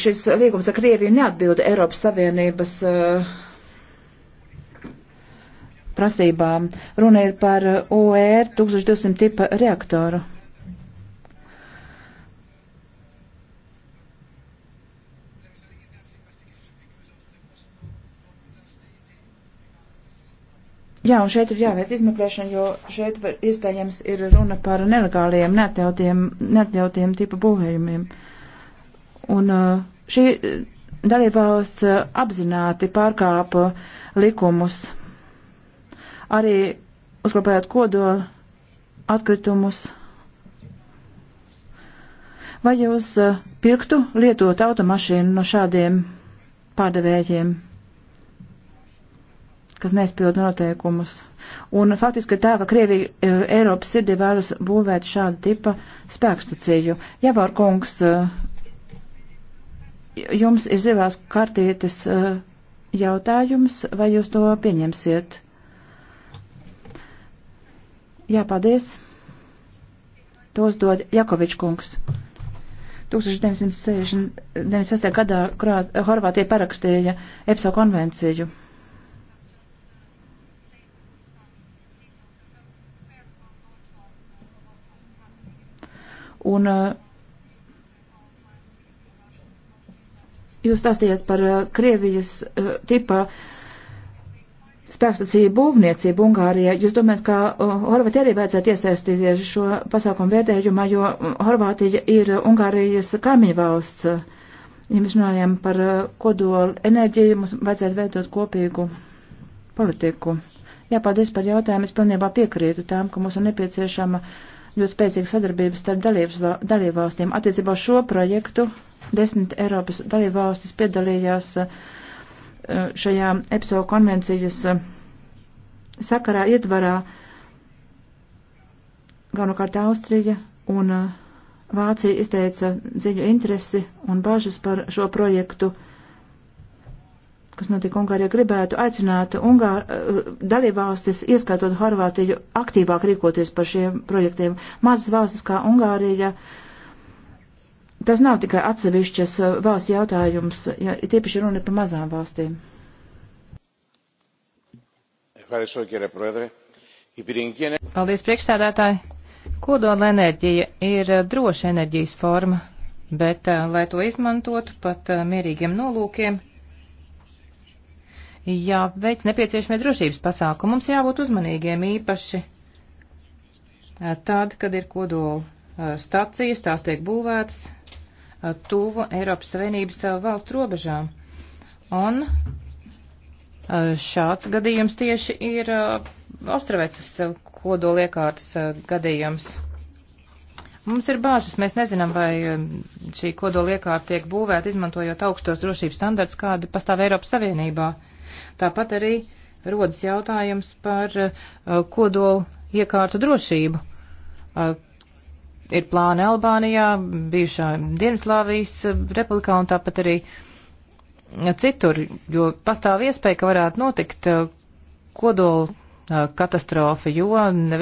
šis līgums ar Krieviju neatbilda Eiropas Savienības uh, prasībām. Runa ir par OER 1200 tipa reaktoru. Jā, un šeit ir jāveic izmeklēšana, jo šeit var, iespējams ir runa par nelegāliem, neatļautiem, neatļautiem tipa būvējumiem. Un eh, šī eh, dalībvalsts eh, apzināti pārkāpa likumus, arī uzklāpējot kodola atkritumus. Vai jūs pirktu lietot automašīnu no šādiem pārdevējiem? kas nespilda noteikumus. Un faktiski ir tā, ka Krievija e, Eiropas sirdī vēlas būvēt šādu tipa spēkstaciju. Javor kungs, e, jums ir zivās kartītes e, jautājums, vai jūs to pieņemsiet? Jā, paldies. Tos dod Jakovič kungs. 1996. gadā Horvātija parakstīja EPSO konvenciju Un uh, jūs stāstījāt par uh, Krievijas uh, tipa spēkstacību būvniecību Ungārijā. Jūs domājat, ka Horvātija arī vajadzētu iesaistīties šo pasākumu vērtējumā, jo Horvātija ir Ungārijas kaimiņu valsts. Ja mēs runājam par kodolu enerģiju, mums vajadzētu veidot kopīgu politiku. Jā, paldies par jautājumu. Es pilnībā piekrītu tām, ka mums ir nepieciešama uh, ļoti spēcīga sadarbība starp dalībvalstīm. Attiecībā uz šo projektu desmit Eiropas dalībvalstis piedalījās uh, šajā EPSO konvencijas uh, sakarā ietvarā galvenokārt Austrija un uh, Vācija izteica dziļu interesi un bažas par šo projektu kas notika Ungārijā, gribētu aicināt Ungār, eh, dalībvalstis, ieskaitot Horvātiju, aktīvāk rīkoties par šiem projektiem. Mazas valstis kā Ungārija, tas nav tikai atsevišķas eh, valsts jautājums, ja tiepaši runa par mazām valstīm. Paldies, priekšsēdētāji! Kodola enerģija ir eh, droša enerģijas forma, bet, lai to izmantotu pat mierīgiem nolūkiem, jāveic nepieciešamie drošības pasākumi. Mums jābūt uzmanīgiem īpaši tādi, kad ir kodola stacijas, tās tiek būvētas tuvu Eiropas Savienības valstu robežām. Un šāds gadījums tieši ir Ostravecas kodoliekārtas gadījums. Mums ir bāžas, mēs nezinām, vai šī kodoliekārta tiek būvēta izmantojot augstos drošības standarts, kādi pastāv Eiropas Savienībā. Uh, Tāpat arī rodas jautājums par eh, kodolu iekārtu drošību. Eh, ir plāni Albānijā, bijušā Dienvidslāvijas eh, republikā un tāpat arī citur, jo pastāv iespēja, ka varētu notikt kodola katastrofa, jo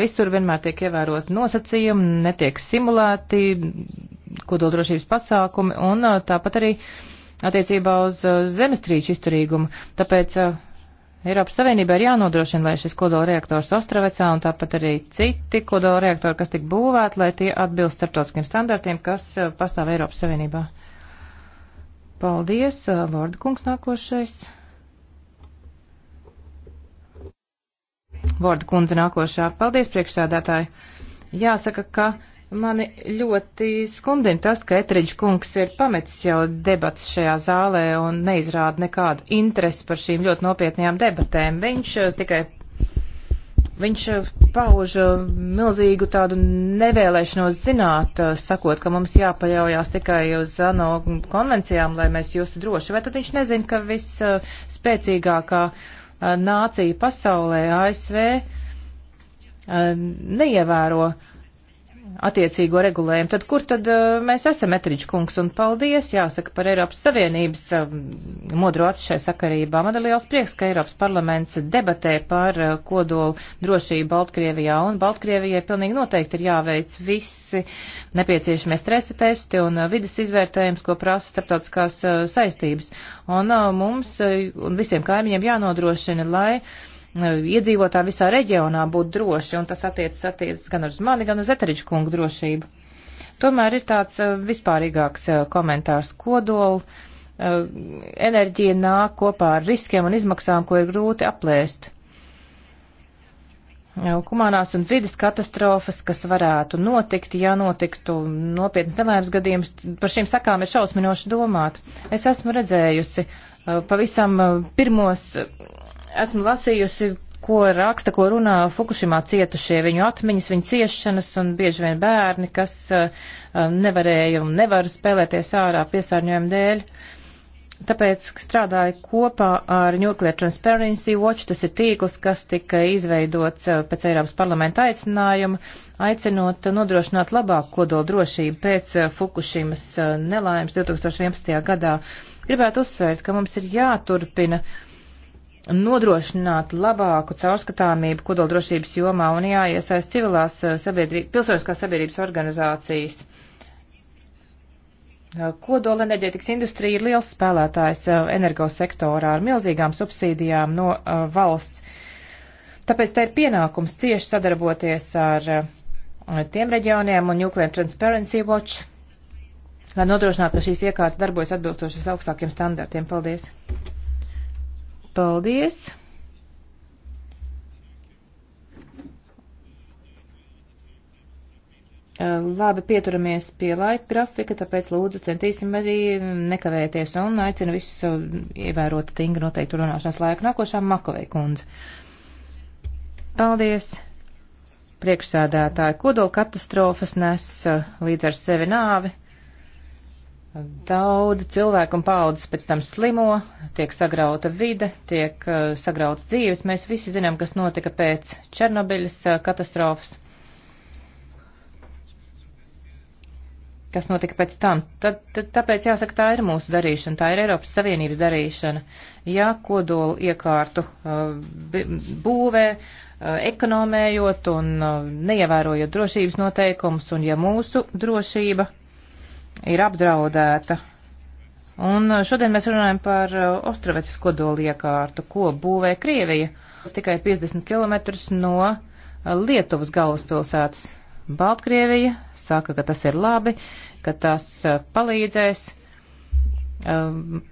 visur vienmēr tiek ievērot nosacījumi, netiek simulēti kodoldrošības pasākumi un tāpat arī uh, attiecībā uz uh, zemestrīču izturīgumu. Tāpēc uh, Eiropas Savienībā ir jānodrošina, lai šis kodolreaktors Ostravecā un tāpat arī citi kodolreaktori, kas tik būvēti, lai tie atbilst starptautiskiem standartiem, kas uh, pastāv Eiropas Savienībā. Paldies, Lorda kungs nākošais. Vorda kundze nākošā. Paldies, priekšsēdētāji. Jāsaka, ka Mani ļoti skumdina tas, ka Etriģis kungs ir pametis jau debatas šajā zālē un neizrāda nekādu interesi par šīm ļoti nopietnījām debatēm. Viņš eh, tikai, viņš eh, pauž eh, milzīgu tādu nevēlēšanos zināt, sakot, ka mums jāpaļaujās tikai uz ANO konvencijām, lai mēs jūstu droši. Vai tad viņš nezina, ka visspēcīgākā nācija pasaulē ASV neievēro attiecīgo regulējumu, tad kur tad uh, mēs esam, Etriģis kungs, un paldies, jāsaka, par Eiropas Savienības uh, modro acu šai sakarībā. Man ir liels prieks, ka Eiropas parlaments debatē par uh, kodolu drošību Baltkrievijā, un Baltkrievijai pilnīgi noteikti ir jāveic visi nepieciešamie stresa testi un uh, vidas izvērtējums, ko prasa starptautiskās uh, saistības. Un uh, mums uh, un visiem kaimiņiem jānodrošina, lai uh, iedzīvotāji visā reģionā būtu droši, un tas attiecas attiec gan uz mani, gan uz Eteriču kungu drošību. Tomēr ir tāds eh, vispārīgāks eh, komentārs kodolu. Eh, enerģija nāk kopā ar riskiem un izmaksām, ko ir grūti aplēst. Humanās un vidas katastrofas, kas varētu notikt, ja notiktu nopietnas nelēmas gadījums, par šīm sakām ir šausminoši domāt. Es esmu redzējusi pavisam pirmos Esmu lasījusi, ko raksta, ko runā Fukushimā cietušie, viņu atmiņas, viņu ciešanas un bieži vien bērni, kas uh, nevarēja un nevar spēlēties ārā piesārņojuma dēļ. Tāpēc strādāju kopā ar Nuclear Transparency Watch, tas ir tīkls, kas tika izveidots uh, pēc Eiropas parlamenta aicinājuma, aicinot nodrošināt labāku kodolu drošību pēc uh, Fukushimas nelaimes 2011. gadā. Gribētu uzsvērt, ka mums ir jāturpina uh, nodrošināt labāku caurskatāmību kodoldrošības jomā un jāiesaist civilās eh, sabiedrība, pilsoniskās sabiedrības organizācijas. Eh, Kodola enerģētikas industrija ir liels spēlētājs eh, energosektorā ar milzīgām subsīdijām no uh, valsts. Tāpēc tā ir pienākums cieši sadarboties ar uh, tiem reģioniem un Nuclear Transparency Watch, lai nodrošinātu, ka šīs iekārtas darbojas atbilstoši visaugstākiem standartiem. Paldies! paldies! Labi, pieturamies pie laika grafika, tāpēc lūdzu centīsim arī nekavēties un aicinu visus ievērot stingri noteiktu runāšanas laiku nākošā Makovei kundze. Paldies! Priekšsādātāji kodola katastrofas nes līdz ar sevi nāvi. Daudz cilvēku un paudzes pēc tam slimo, tiek sagrauta vide, tiek uh, sagrauts dzīves. Mēs visi zinām, kas notika pēc Černobiļas uh, katastrofas. Kas notika pēc tam? Tad, tad, tāpēc jāsaka, tā ir mūsu darīšana, tā ir Eiropas Savienības darīšana. Ja kodolu iekārtu uh, būvē, uh, ekonomējot un uh, neievērojot drošības noteikumus, un ja mūsu drošība ir apdraudēta. Un uh, šodien mēs runājam par uh, Ostravecas kodoliekārtu, ko būvē Krievija. Tas tikai 50 km no uh, Lietuvas galvaspilsētas. Baltkrievija saka, ka tas ir labi, ka tas palīdzēs um,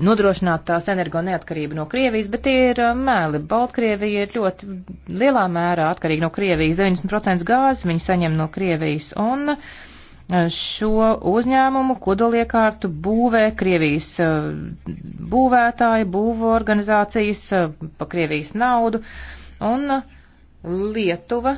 nodrošināt tās energo neatkarību no Krievijas, bet tie ir mēli. Baltkrievija ir ļoti lielā mērā atkarīga no Krievijas. 90% gāzes viņi saņem no Krievijas. Un, uh, šo uzņēmumu kodoliekārtu būvē Krievijas eh, būvētāji, būvu organizācijas eh, pa Krievijas naudu, un eh, Lietuva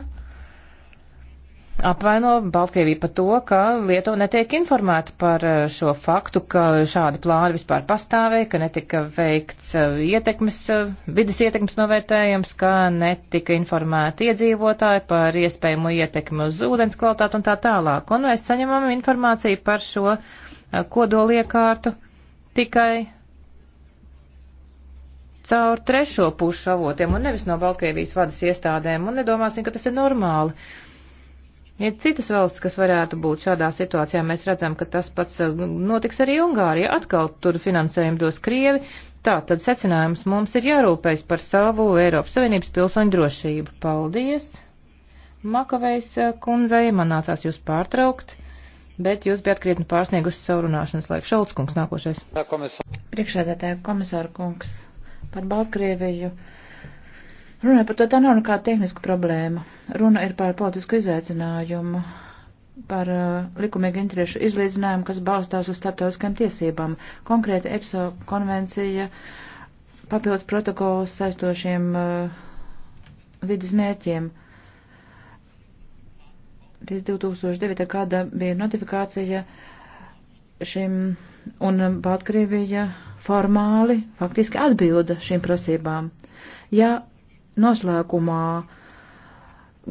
apvaino Baltkrieviju par to, ka Lietuva netiek informēta par eh, šo faktu, ka šādi plāni vispār pastāvēja, ka netika veikts eh, ietekmes, eh, vidas ietekmes novērtējums, ka netika informēta iedzīvotāji par iespējamo ietekmi uz ūdens kvalitāti un tā tālāk. Un mēs saņemam informāciju par šo kodoliekārtu tikai caur trešo pušu avotiem un nevis no Baltkrievijas vadas iestādēm, un nedomāsim, ka tas ir normāli. Uh, Ir citas valsts, kas varētu būt šādā situācijā. Mēs redzam, ka tas pats uh, notiks arī Ungārija. Atkal tur finansējumu dos Krievi. Tā tad secinājums mums ir jārūpējas par savu Eiropas Savienības pilsoņu drošību. Paldies! Makavejs uh, kundzei, man nācās jūs pārtraukt, bet jūs bijat krietni pārsniegusi savu runāšanas laiku. Šauts kungs nākošais. Priekšsēdētāja komisāra kungs par Baltkrieviju Runa par to tā nav nekāda tehniska problēma. Runa ir par politisku izaicinājumu, par uh, likumīgu interešu izlīdzinājumu, kas balstās uz starptautiskām tiesībām. Konkrēti EPSO konvencija, papildus protokols saistošiem uh, vidas mērķiem. Pēc 2009. gada bija notifikācija šim, un Baltkrievija formāli faktiski atbilda šīm prasībām. Ja noslēgumā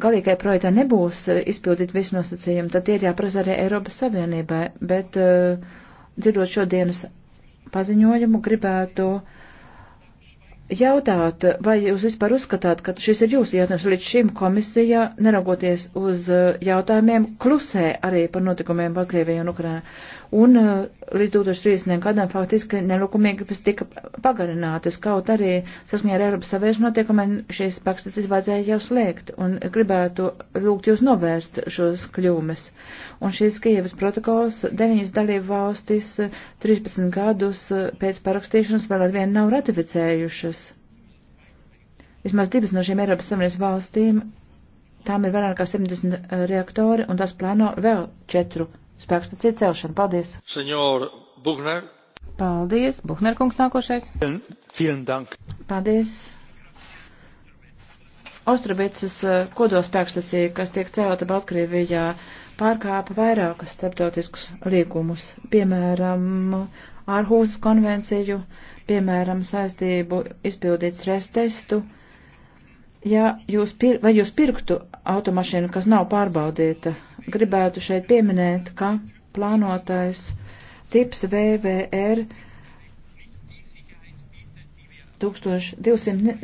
galīgai projektā nebūs eh, izpildīt visu nosacījumu, tad tie ir jāprasa arī Eiropas Savienībai. Bet, eh, dzirdot šodienas paziņojumu, gribētu uh, jautāt, vai jūs vispār uzskatāt, ka šis ir jūsu jautājums. Līdz šim komisija, neraugoties uz uh, jautājumiem, klusē arī par notikumiem Baltkrievijā un Ukrainā. Un uh, līdz 2030. gadam faktiski nelikumīgas tika pagarinātas, kaut arī saskaņā ar Eiropas Savienības notiekumiem šīs pakstas vajadzēja jau slēgt. Un gribētu lūgt jūs novērst šos kļūmes un šīs Kievas protokols deviņas dalību valstis 13 gadus pēc parakstīšanas vēl atvien nav ratificējušas. Vismaz divas no šīm Eiropas Savienības valstīm, tām ir vairāk kā 70 eh, reaktori, un tas plāno vēl četru spēkstaciju celšanu. Paldies! Senjor Buhner! Paldies! Buhner kungs nākošais! Vielen dank! Paldies! Austrobicas eh, kodolspēkstacija, kas tiek celta Baltkrievijā, uh, pārkāpa vairākas starptautiskus līgumus, piemēram, Ārhūzas konvenciju, piemēram, saistību izpildīt stres testu. Ja jūs, pir, vai jūs pirktu automašīnu, kas nav pārbaudīta, gribētu šeit pieminēt, ka plānotais tips VVR 1200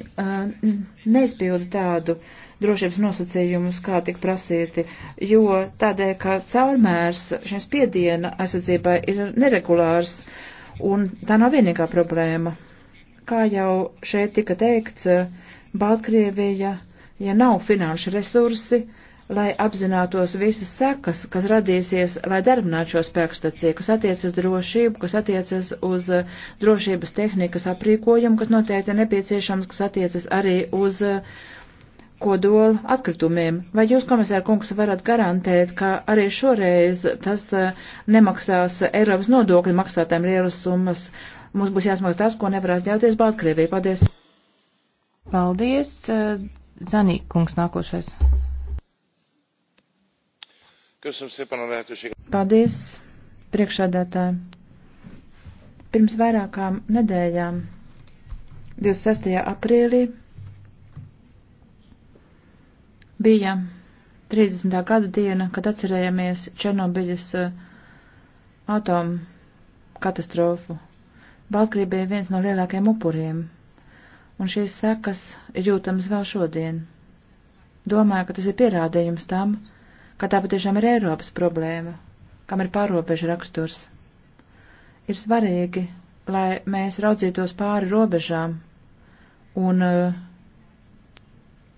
neizpildi tādu uh, drošības nosacījumus, kā tik prasīti, jo tādēļ, ka caurmērs šiem spiediena aizsardzībai ir neregulārs, un tā nav vienīgā problēma. Kā jau šeit tika teikts, Baltkrievija, ja nav finanšu resursi, lai apzinātos visas sekas, kas radīsies, lai darbinātu šo spēkstaciju, kas attiecas uz drošību, kas attiecas uz drošības tehnikas aprīkojumu, kas noteikti nepieciešams, kas attiecas arī uz uh, kodolu atkritumiem. Vai jūs, komisāra kungs, varat garantēt, ka arī šoreiz tas eh, nemaksās Eiropas nodokļu maksātājiem lielas summas? Mums būs jāsmaksā tas, ko nevarētu ļauties Baltkrievijai. Paldies! Paldies! Eh, Zanī, kungs, nākošais. Paldies, priekšādātāji. Pirms vairākām nedēļām, 26. aprīlī, Bija 30. gada diena, kad atcerējāmies Černobiļas eh, atomu katastrofu. Baltkrievija bija viens no lielākajiem upuriem, un šīs sekas ir jūtamas vēl šodien. Domāju, ka tas ir pierādījums tam, ka tā patiešām ir Eiropas problēma, kam ir pārobežu raksturs. Ir svarīgi, lai mēs raudzītos pāri robežām un uh,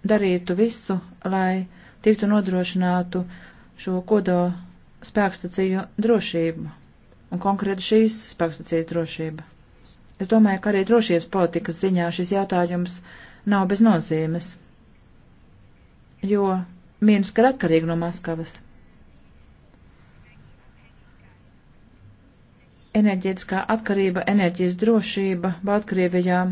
darītu visu, lai tiktu nodrošinātu šo kodo spēkstaciju drošību un konkrēti šīs spēkstacijas drošība. Es domāju, ka arī drošības politikas ziņā šis jautājums nav bez nozīmes, jo Minska ir atkarīga no Maskavas. Enerģētiskā atkarība, enerģijas drošība Baltkrievijā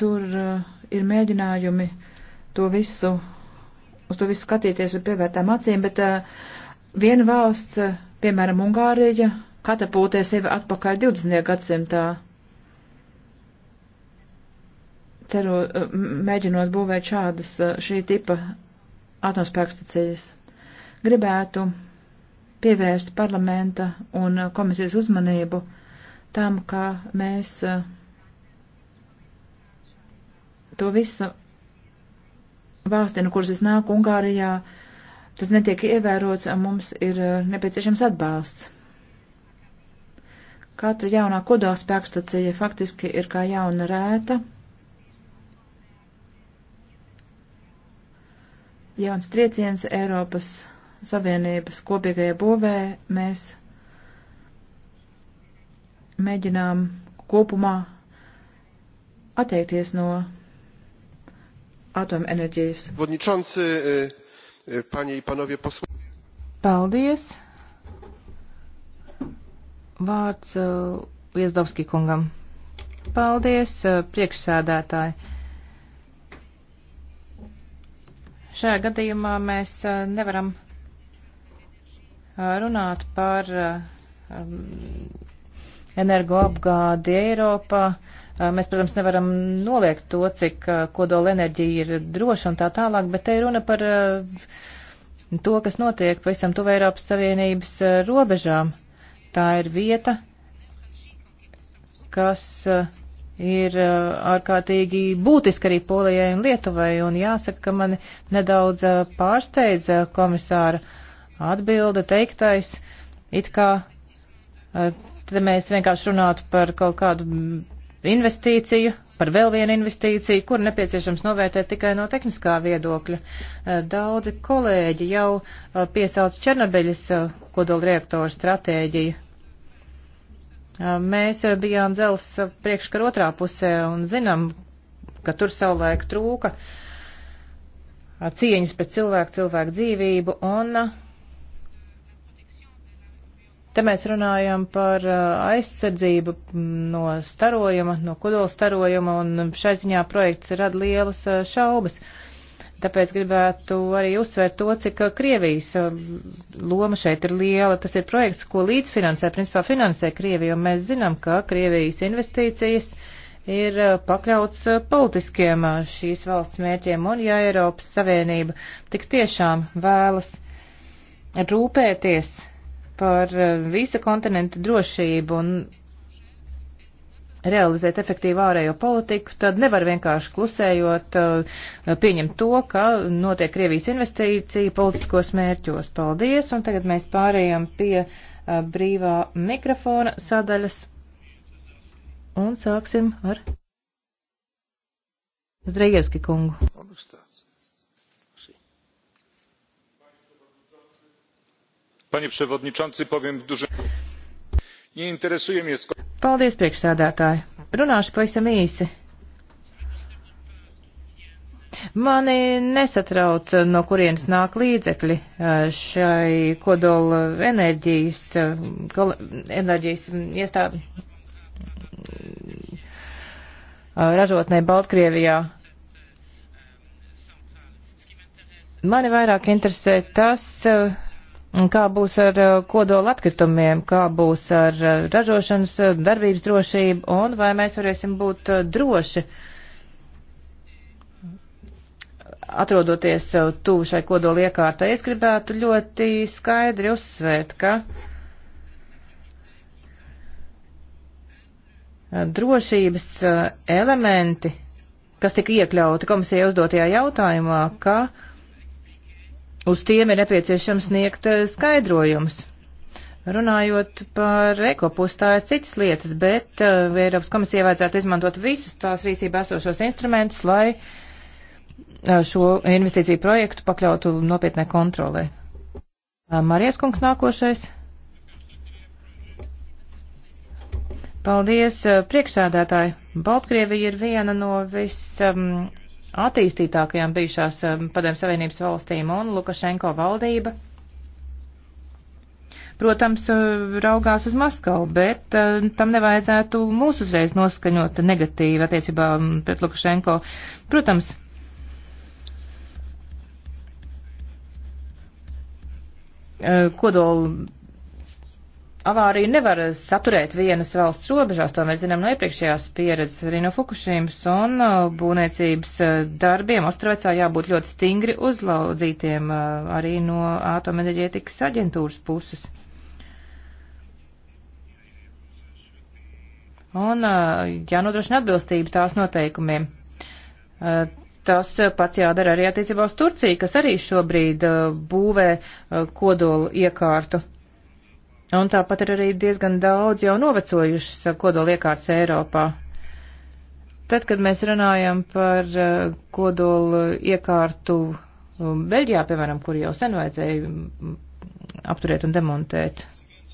tur eh, ir mēģinājumi to visu, uz to visu skatīties ar pievērtām acīm, bet eh, viena valsts, eh, piemēram, Ungārija, katapultē sevi atpakaļ 20. gadsimtā. Ceru, mēģinot būvēt šādas šī tipa atmosfērkstacijas. Gribētu pievērst parlamenta un komisijas uzmanību tam, ka mēs uh, to visu valsti, no nu, kuras es nāku Ungārijā, tas netiek ievērots, un mums ir nepieciešams atbalsts. Katra jaunā kodolspēkstacija faktiski ir kā jauna rēta, jauns trieciens Eiropas Savienības kopīgajā būvē. Mēs mēģinām kopumā atteikties no atomenerģijas. Paldies! Vārds uh, Viezdovski kungam. Paldies, uh, priekšsēdētāji! Šajā gadījumā mēs uh, nevaram runāt par um, energoapgādi Eiropā. Uh, Mēs, protams, nevaram noliegt to, cik kodola enerģija ir droša un tā tālāk, bet te ir runa par to, kas notiek pavisam tuvu Eiropas Savienības robežām. Tā ir vieta, kas ir ārkārtīgi būtiski arī Polijai un Lietuvai, un jāsaka, ka mani nedaudz pārsteidza komisāra atbilde teiktais, it kā te mēs vienkārši runātu par kaut kādu investīciju, par vēl vienu investīciju, kur nepieciešams novērtēt tikai no tehniskā viedokļa. Eh, daudzi kolēģi jau eh, piesauc Černobeļas eh, kodolreaktoru stratēģiju. Mēs bijām dzels priekškar otrā pusē un zinām, ka tur savulaik trūka cieņas pret cilvēku, cilvēku dzīvību un uh, Te mēs runājam par uh, aizsardzību mm, no starojuma, no kodola starojuma, un šai ziņā projekts rada lielas uh, šaubas. Tāpēc gribētu arī uzsvērt to, cik uh, Krievijas loma šeit ir liela. Tas ir projekts, ko līdzfinansē, principā finansē Krievija, un mēs zinām, ka Krievijas investīcijas ir pakļauts politiskiem šīs valsts mērķiem, un ja Eiropas Savienība tik tiešām vēlas rūpēties par eh, visa kontinenta drošību un realizēt efektīvu ārējo politiku, tad nevar vienkārši klusējot eh, pieņemt to, ka notiek Krievijas investīcija politiskos mērķos. Paldies, un tagad mēs pārējām pie eh, brīvā mikrofona sadaļas un sāksim ar Zdrejevski kungu. Augustā. Panie przewodniczący, powiem w dużym. Paldies, priekšsēdētāji. Runāšu pavisam īsi. Mani nesatrauc, no kurienes nāk līdzekļi eh, šai kodola enerģijas, eh, enerģijas mm, iestādi eh, ražotnē Baltkrievijā. Mani vairāk interesē tas, uh, Kā būs ar uh, kodola atkritumiem, kā būs ar uh, ražošanas uh, darbības drošību un vai mēs varēsim būt droši atrodoties tuvu šai kodola iekārtai. Es gribētu ļoti skaidri uzsvērt, ka drošības elementi, kas tika iekļauti komisijai uzdotajā jautājumā, ka uz tiem ir nepieciešams sniegt eh, skaidrojums. Runājot par ekopus, tā ir citas lietas, bet uh, Eiropas komisija vajadzētu izmantot visus tās rīcībā esošos instrumentus, lai uh, šo investīciju projektu pakļautu nopietnē kontrolē. Uh, Marijas kungs nākošais. Paldies, uh, priekšsēdētāji. Baltkrievija ir viena no vis. Um, attīstītākajām bijušās um, padomju savienības valstīm un Lukašenko valdība. Protams, uh, raugās uz Maskavu, bet uh, tam nevajadzētu mūs uzreiz noskaņot negatīvi attiecībā um, pret Lukašenko. Protams, uh, kodola avāriju nevar saturēt vienas valsts robežās, to mēs zinām no iepriekšējās pieredzes arī no Fukušīmas un uh, būvniecības uh, darbiem. Ostrovecā jābūt ļoti stingri uzlaudzītiem uh, arī no atomenerģētikas aģentūras puses. Un jānodrošina atbilstība tās noteikumiem. Tas pats jādara arī attiecībā uz Turciju, kas arī šobrīd būvē kodolu iekārtu Un tāpat ir arī diezgan daudz jau novecojušas kodoliekārtas Eiropā. Tad, kad mēs runājam par eh, kodolu iekārtu um, Beļģijā, piemēram, kur jau sen vajadzēja mm, apturēt un demontēt.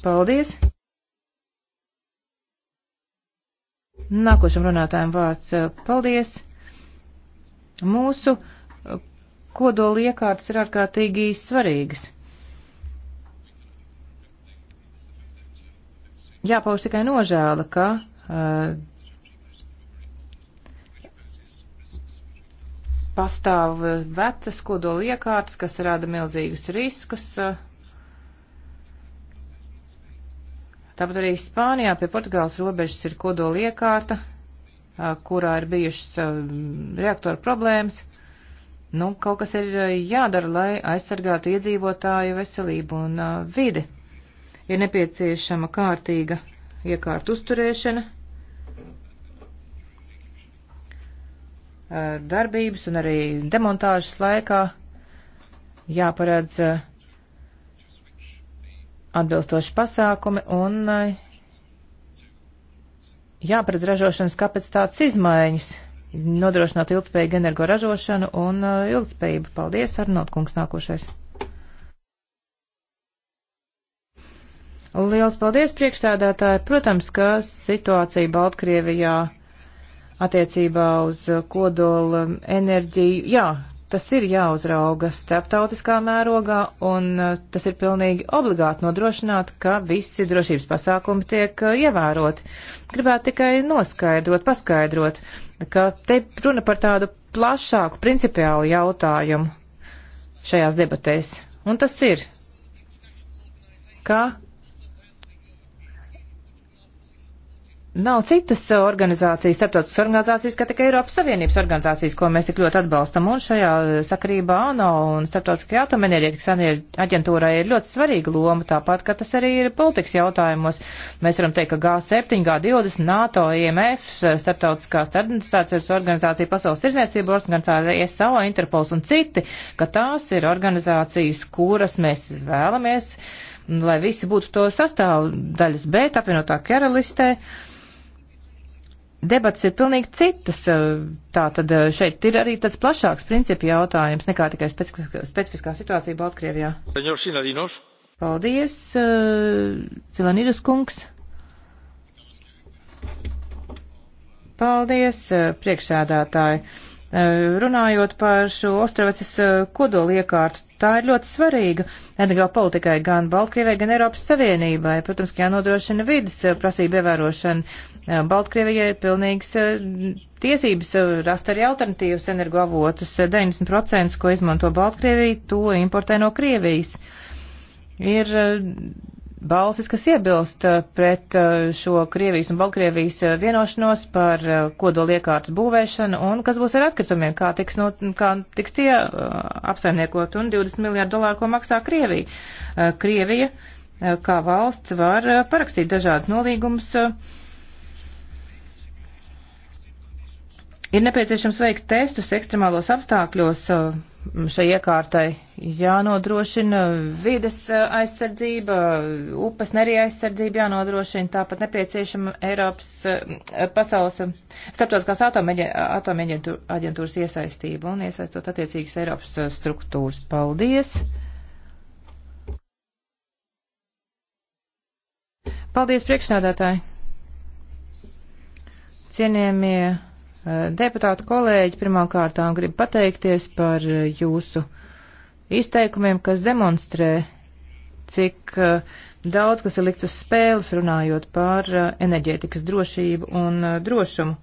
Paldies! Nākošam runātājiem vārds. Eh, paldies! Mūsu eh, kodoli iekārtas ir ārkārtīgi svarīgas. Jāpauž tikai nožēla, ka eh, pastāv vecas kodoli iekārtas, kas rada milzīgus riskus. Eh. Tāpat arī Spānijā pie Portugāles robežas ir kodoli iekārta, eh, kurā ir bijušas reaktoru problēmas. Nu, kaut kas ir jādara, lai aizsargātu iedzīvotāju veselību un vidi ir nepieciešama kārtīga iekārtu uzturēšana, darbības un arī demontāžas laikā jāparedz atbilstoši pasākumi un jāparedz ražošanas kapacitātes izmaiņas, nodrošināt ilgspējīgu energo ražošanu un ilgspējību. Paldies, Arnot kungs, nākošais. Liels paldies, priekšsēdētāji! Protams, ka situācija Baltkrievijā attiecībā uz kodola enerģiju, jā, tas ir jāuzrauga starptautiskā mērogā, un uh, tas ir pilnīgi obligāti nodrošināt, ka visi drošības pasākumi tiek uh, ievēroti. Gribētu tikai noskaidrot, paskaidrot, ka te runa par tādu plašāku principiālu jautājumu šajās debatēs, un tas ir, ka Nav citas eh, organizācijas, starptautiskas organizācijas, kā tikai Eiropas Savienības organizācijas, ko mēs tik ļoti atbalstam. Un šajā eh, sakarībā ANO un starptautiskajā atomenerģētikas aģentūrai ir ļoti svarīga loma, tāpat, ka tas arī ir politikas jautājumos. Mēs varam teikt, ka G7, G20, NATO, IMF, eh, starptautiskās administrācijas organizācija, pasaules tirzniecība organizācija, SAO, Interpols un citi, ka tās ir organizācijas, kuras mēs vēlamies, lai visi būtu to sastāvdaļas, bet apvienotā karalistē. Uh, debats ir pilnīgi citas. Eh, Tā tad eh, šeit ir arī tāds plašāks principu jautājums nekā tikai specifiskā, specifiskā situācija Baltkrievijā. Paldies, Cilanīdas eh, kungs. Paldies, priekšsēdētāji. Eh, runājot par šo Ostravacas eh, kodoli iekārtu, tā ir ļoti svarīga energo politikai gan Baltkrievai, gan Eiropas Savienībai. Protams, ka jānodrošina vidas eh, prasība ievērošana. Baltkrievijai ir pilnīgas tiesības rast arī alternatīvas energoavotus. 90%, ko izmanto Baltkrievija, to importē no Krievijas. Ir balsis, kas iebilst uh, pret uh, šo Krievijas un Baltkrievijas uh, vienošanos par kodoliekārtas būvēšanu un kas būs ar atkritumiem, kā tiks, no, kā tiks tie apsaimniekot un 20 miljārdu dolāru, ko maksā Krievija. Krievija kā valsts var parakstīt dažādas nolīgumus. Ir nepieciešams veikt testus ekstremālos apstākļos, šai iekārtai jānodrošina vides eh, aizsardzība, upes nerī aizsardzība jānodrošina, tāpat nepieciešama Eiropas eh, pasaules eh, starptautiskās atomaģentūras iesaistība un iesaistot attiecīgas Eiropas struktūras. Paldies! Paldies priekšsēdētāji! Cienījamie Eh, Deputāti kolēģi, pirmkārtām gribu pateikties par eh, jūsu izteikumiem, kas demonstrē, cik eh, daudz kas ir likts uz spēles, runājot par enerģētikas drošību un drošumu.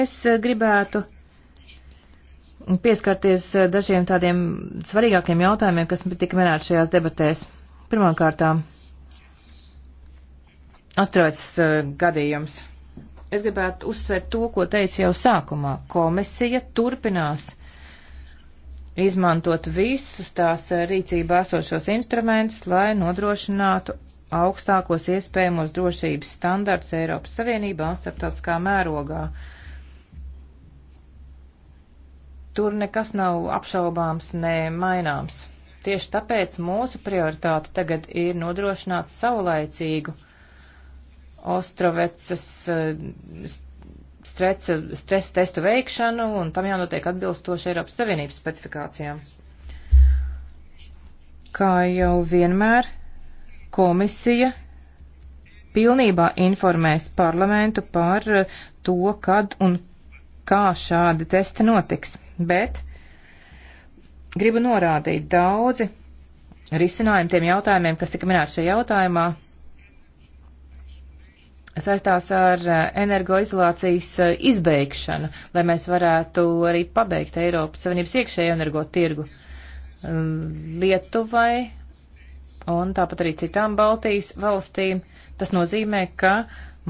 Es gribētu pieskarties dažiem tādiem svarīgākiem jautājumiem, kas tika minēti šajās debatēs. Pirmkārtām, Astrovets eh, gadījums. Es gribētu uzsvērt to, ko teicu jau sākumā. Komisija turpinās izmantot visus tās eh, rīcībā esošos instrumentus, lai nodrošinātu augstākos iespējamos drošības standarts Eiropas Savienībā un starptautiskā mērogā. Tur nekas nav apšaubāms, ne maināms. Tieši tāpēc mūsu prioritāte tagad ir nodrošināt saulaicīgu Ostrovecas eh, stresa, stresa testu veikšanu, un tam jānotiek atbilstoši Eiropas Savienības specifikācijām. Kā jau vienmēr, komisija pilnībā informēs parlamentu par eh, to, kad un kā šādi testi notiks. Bet gribu norādīt daudzi risinājumi tiem jautājumiem, kas tika minēti šajā jautājumā, saistās ar eh, energoizolācijas eh, izbeigšanu, lai mēs varētu arī pabeigt Eiropas Savienības iekšējo energo tirgu um, Lietuvai un tāpat arī citām Baltijas valstīm. Tas nozīmē, ka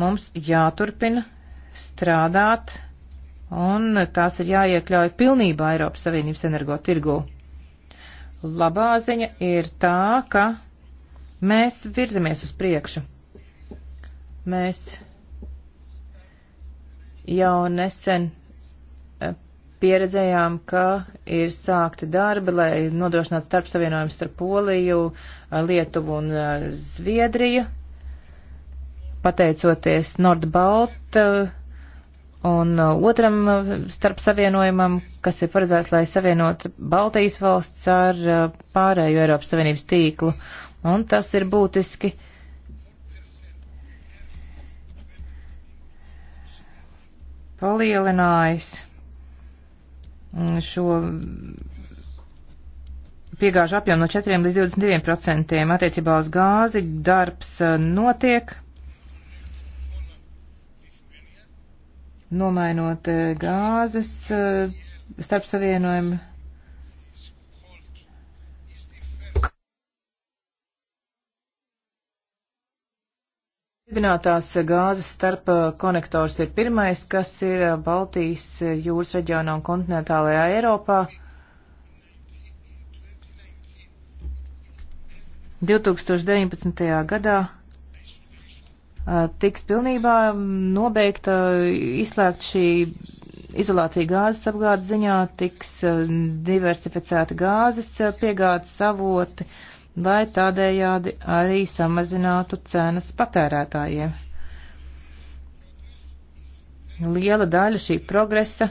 mums jāturpina strādāt un tās ir jāiekļauj pilnībā Eiropas Savienības energo tirgū. Labā ziņa ir tā, ka mēs virzamies uz priekšu. Mēs jau nesen eh, pieredzējām, ka ir sākti darbi, lai nodrošinātu starp savienojumus starp Poliju, eh, Lietuvu un eh, Zviedriju, pateicoties Nordbalt un otram starp savienojumam, kas ir paredzēts, lai savienot Baltijas valsts ar pārējo Eiropas Savienības tīklu. Un tas ir būtiski uh, palielinājis šo piegāžu apjomu no 4 līdz 22 procentiem attiecībā uz gāzi. Darbs eh, notiek, nomainot eh, gāzes eh, starpsavienojumu Izdzinātās gāzes starp uh, konektors ir pirmais, kas ir uh, Baltijas uh, jūras reģionā un kontinentālajā Eiropā. 2019. gadā tiks pilnībā mm, nobeigta, izslēgta šī izolācija gāzes apgādes ziņā, tiks diversificēta gāzes piegādes avoti lai tādējādi arī samazinātu cenas patērētājiem. Liela daļa šī progresa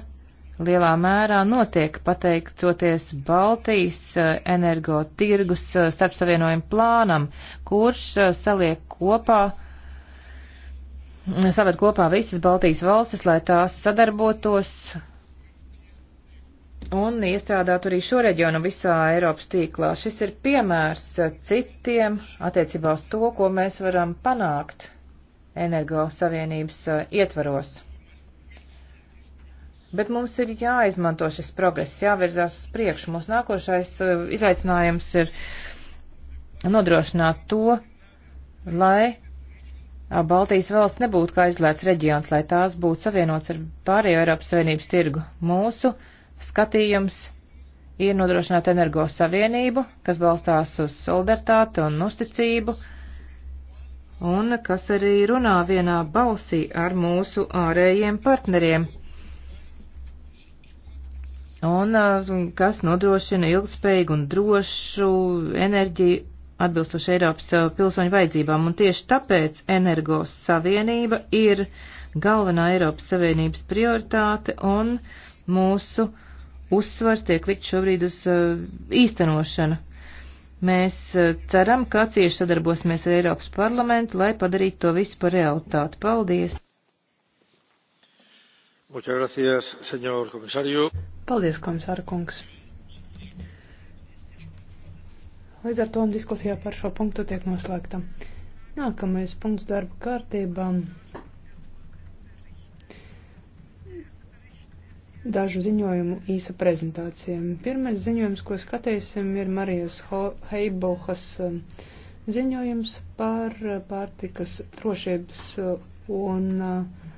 lielā mērā notiek pateicoties Baltijas eh, energo tirgus eh, starpsavienojumu plānam, kurš eh, saliek kopā mm, saved kopā visas Baltijas valstis, lai tās sadarbotos un iestrādāt arī šo reģionu visā Eiropas tīklā. Šis ir piemērs citiem attiecībā uz to, ko mēs varam panākt energosavienības uh, ietvaros. Bet mums ir jāizmanto šis progress, jāvirzās uz priekšu. Mūsu nākošais uh, izaicinājums ir nodrošināt to, lai uh, Baltijas valsts nebūtu kā izlēts reģions, lai tās būtu savienots ar pārējo Eiropas Savienības tirgu. Mūsu uh, skatījums ir nodrošināt energo savienību, kas balstās uz solidaritāti un uzticību, un kas arī runā vienā balsī ar mūsu ārējiem partneriem, un uh, kas nodrošina ilgspējīgu un drošu enerģiju atbilstoši Eiropas uh, pilsoņu vajadzībām, un tieši tāpēc energo savienība ir galvenā Eiropas Savienības prioritāte un mūsu uh, uzsvars tiek likt šobrīd uz uh, īstenošanu. Mēs uh, ceram, ka cieši sadarbosimies ar Eiropas parlamentu, lai padarītu to visu par realitāti. Paldies! Gracias, Paldies, komisāra kungs! Līdz ar to diskusijā par šo punktu tiek noslēgta. Nākamais punkts darba kārtībām. dažu ziņojumu īsa prezentācijām. Pirmais ziņojums, ko skatīsim, ir Marijas Heibohas um, ziņojums par uh, pārtikas drošības uh, un uh,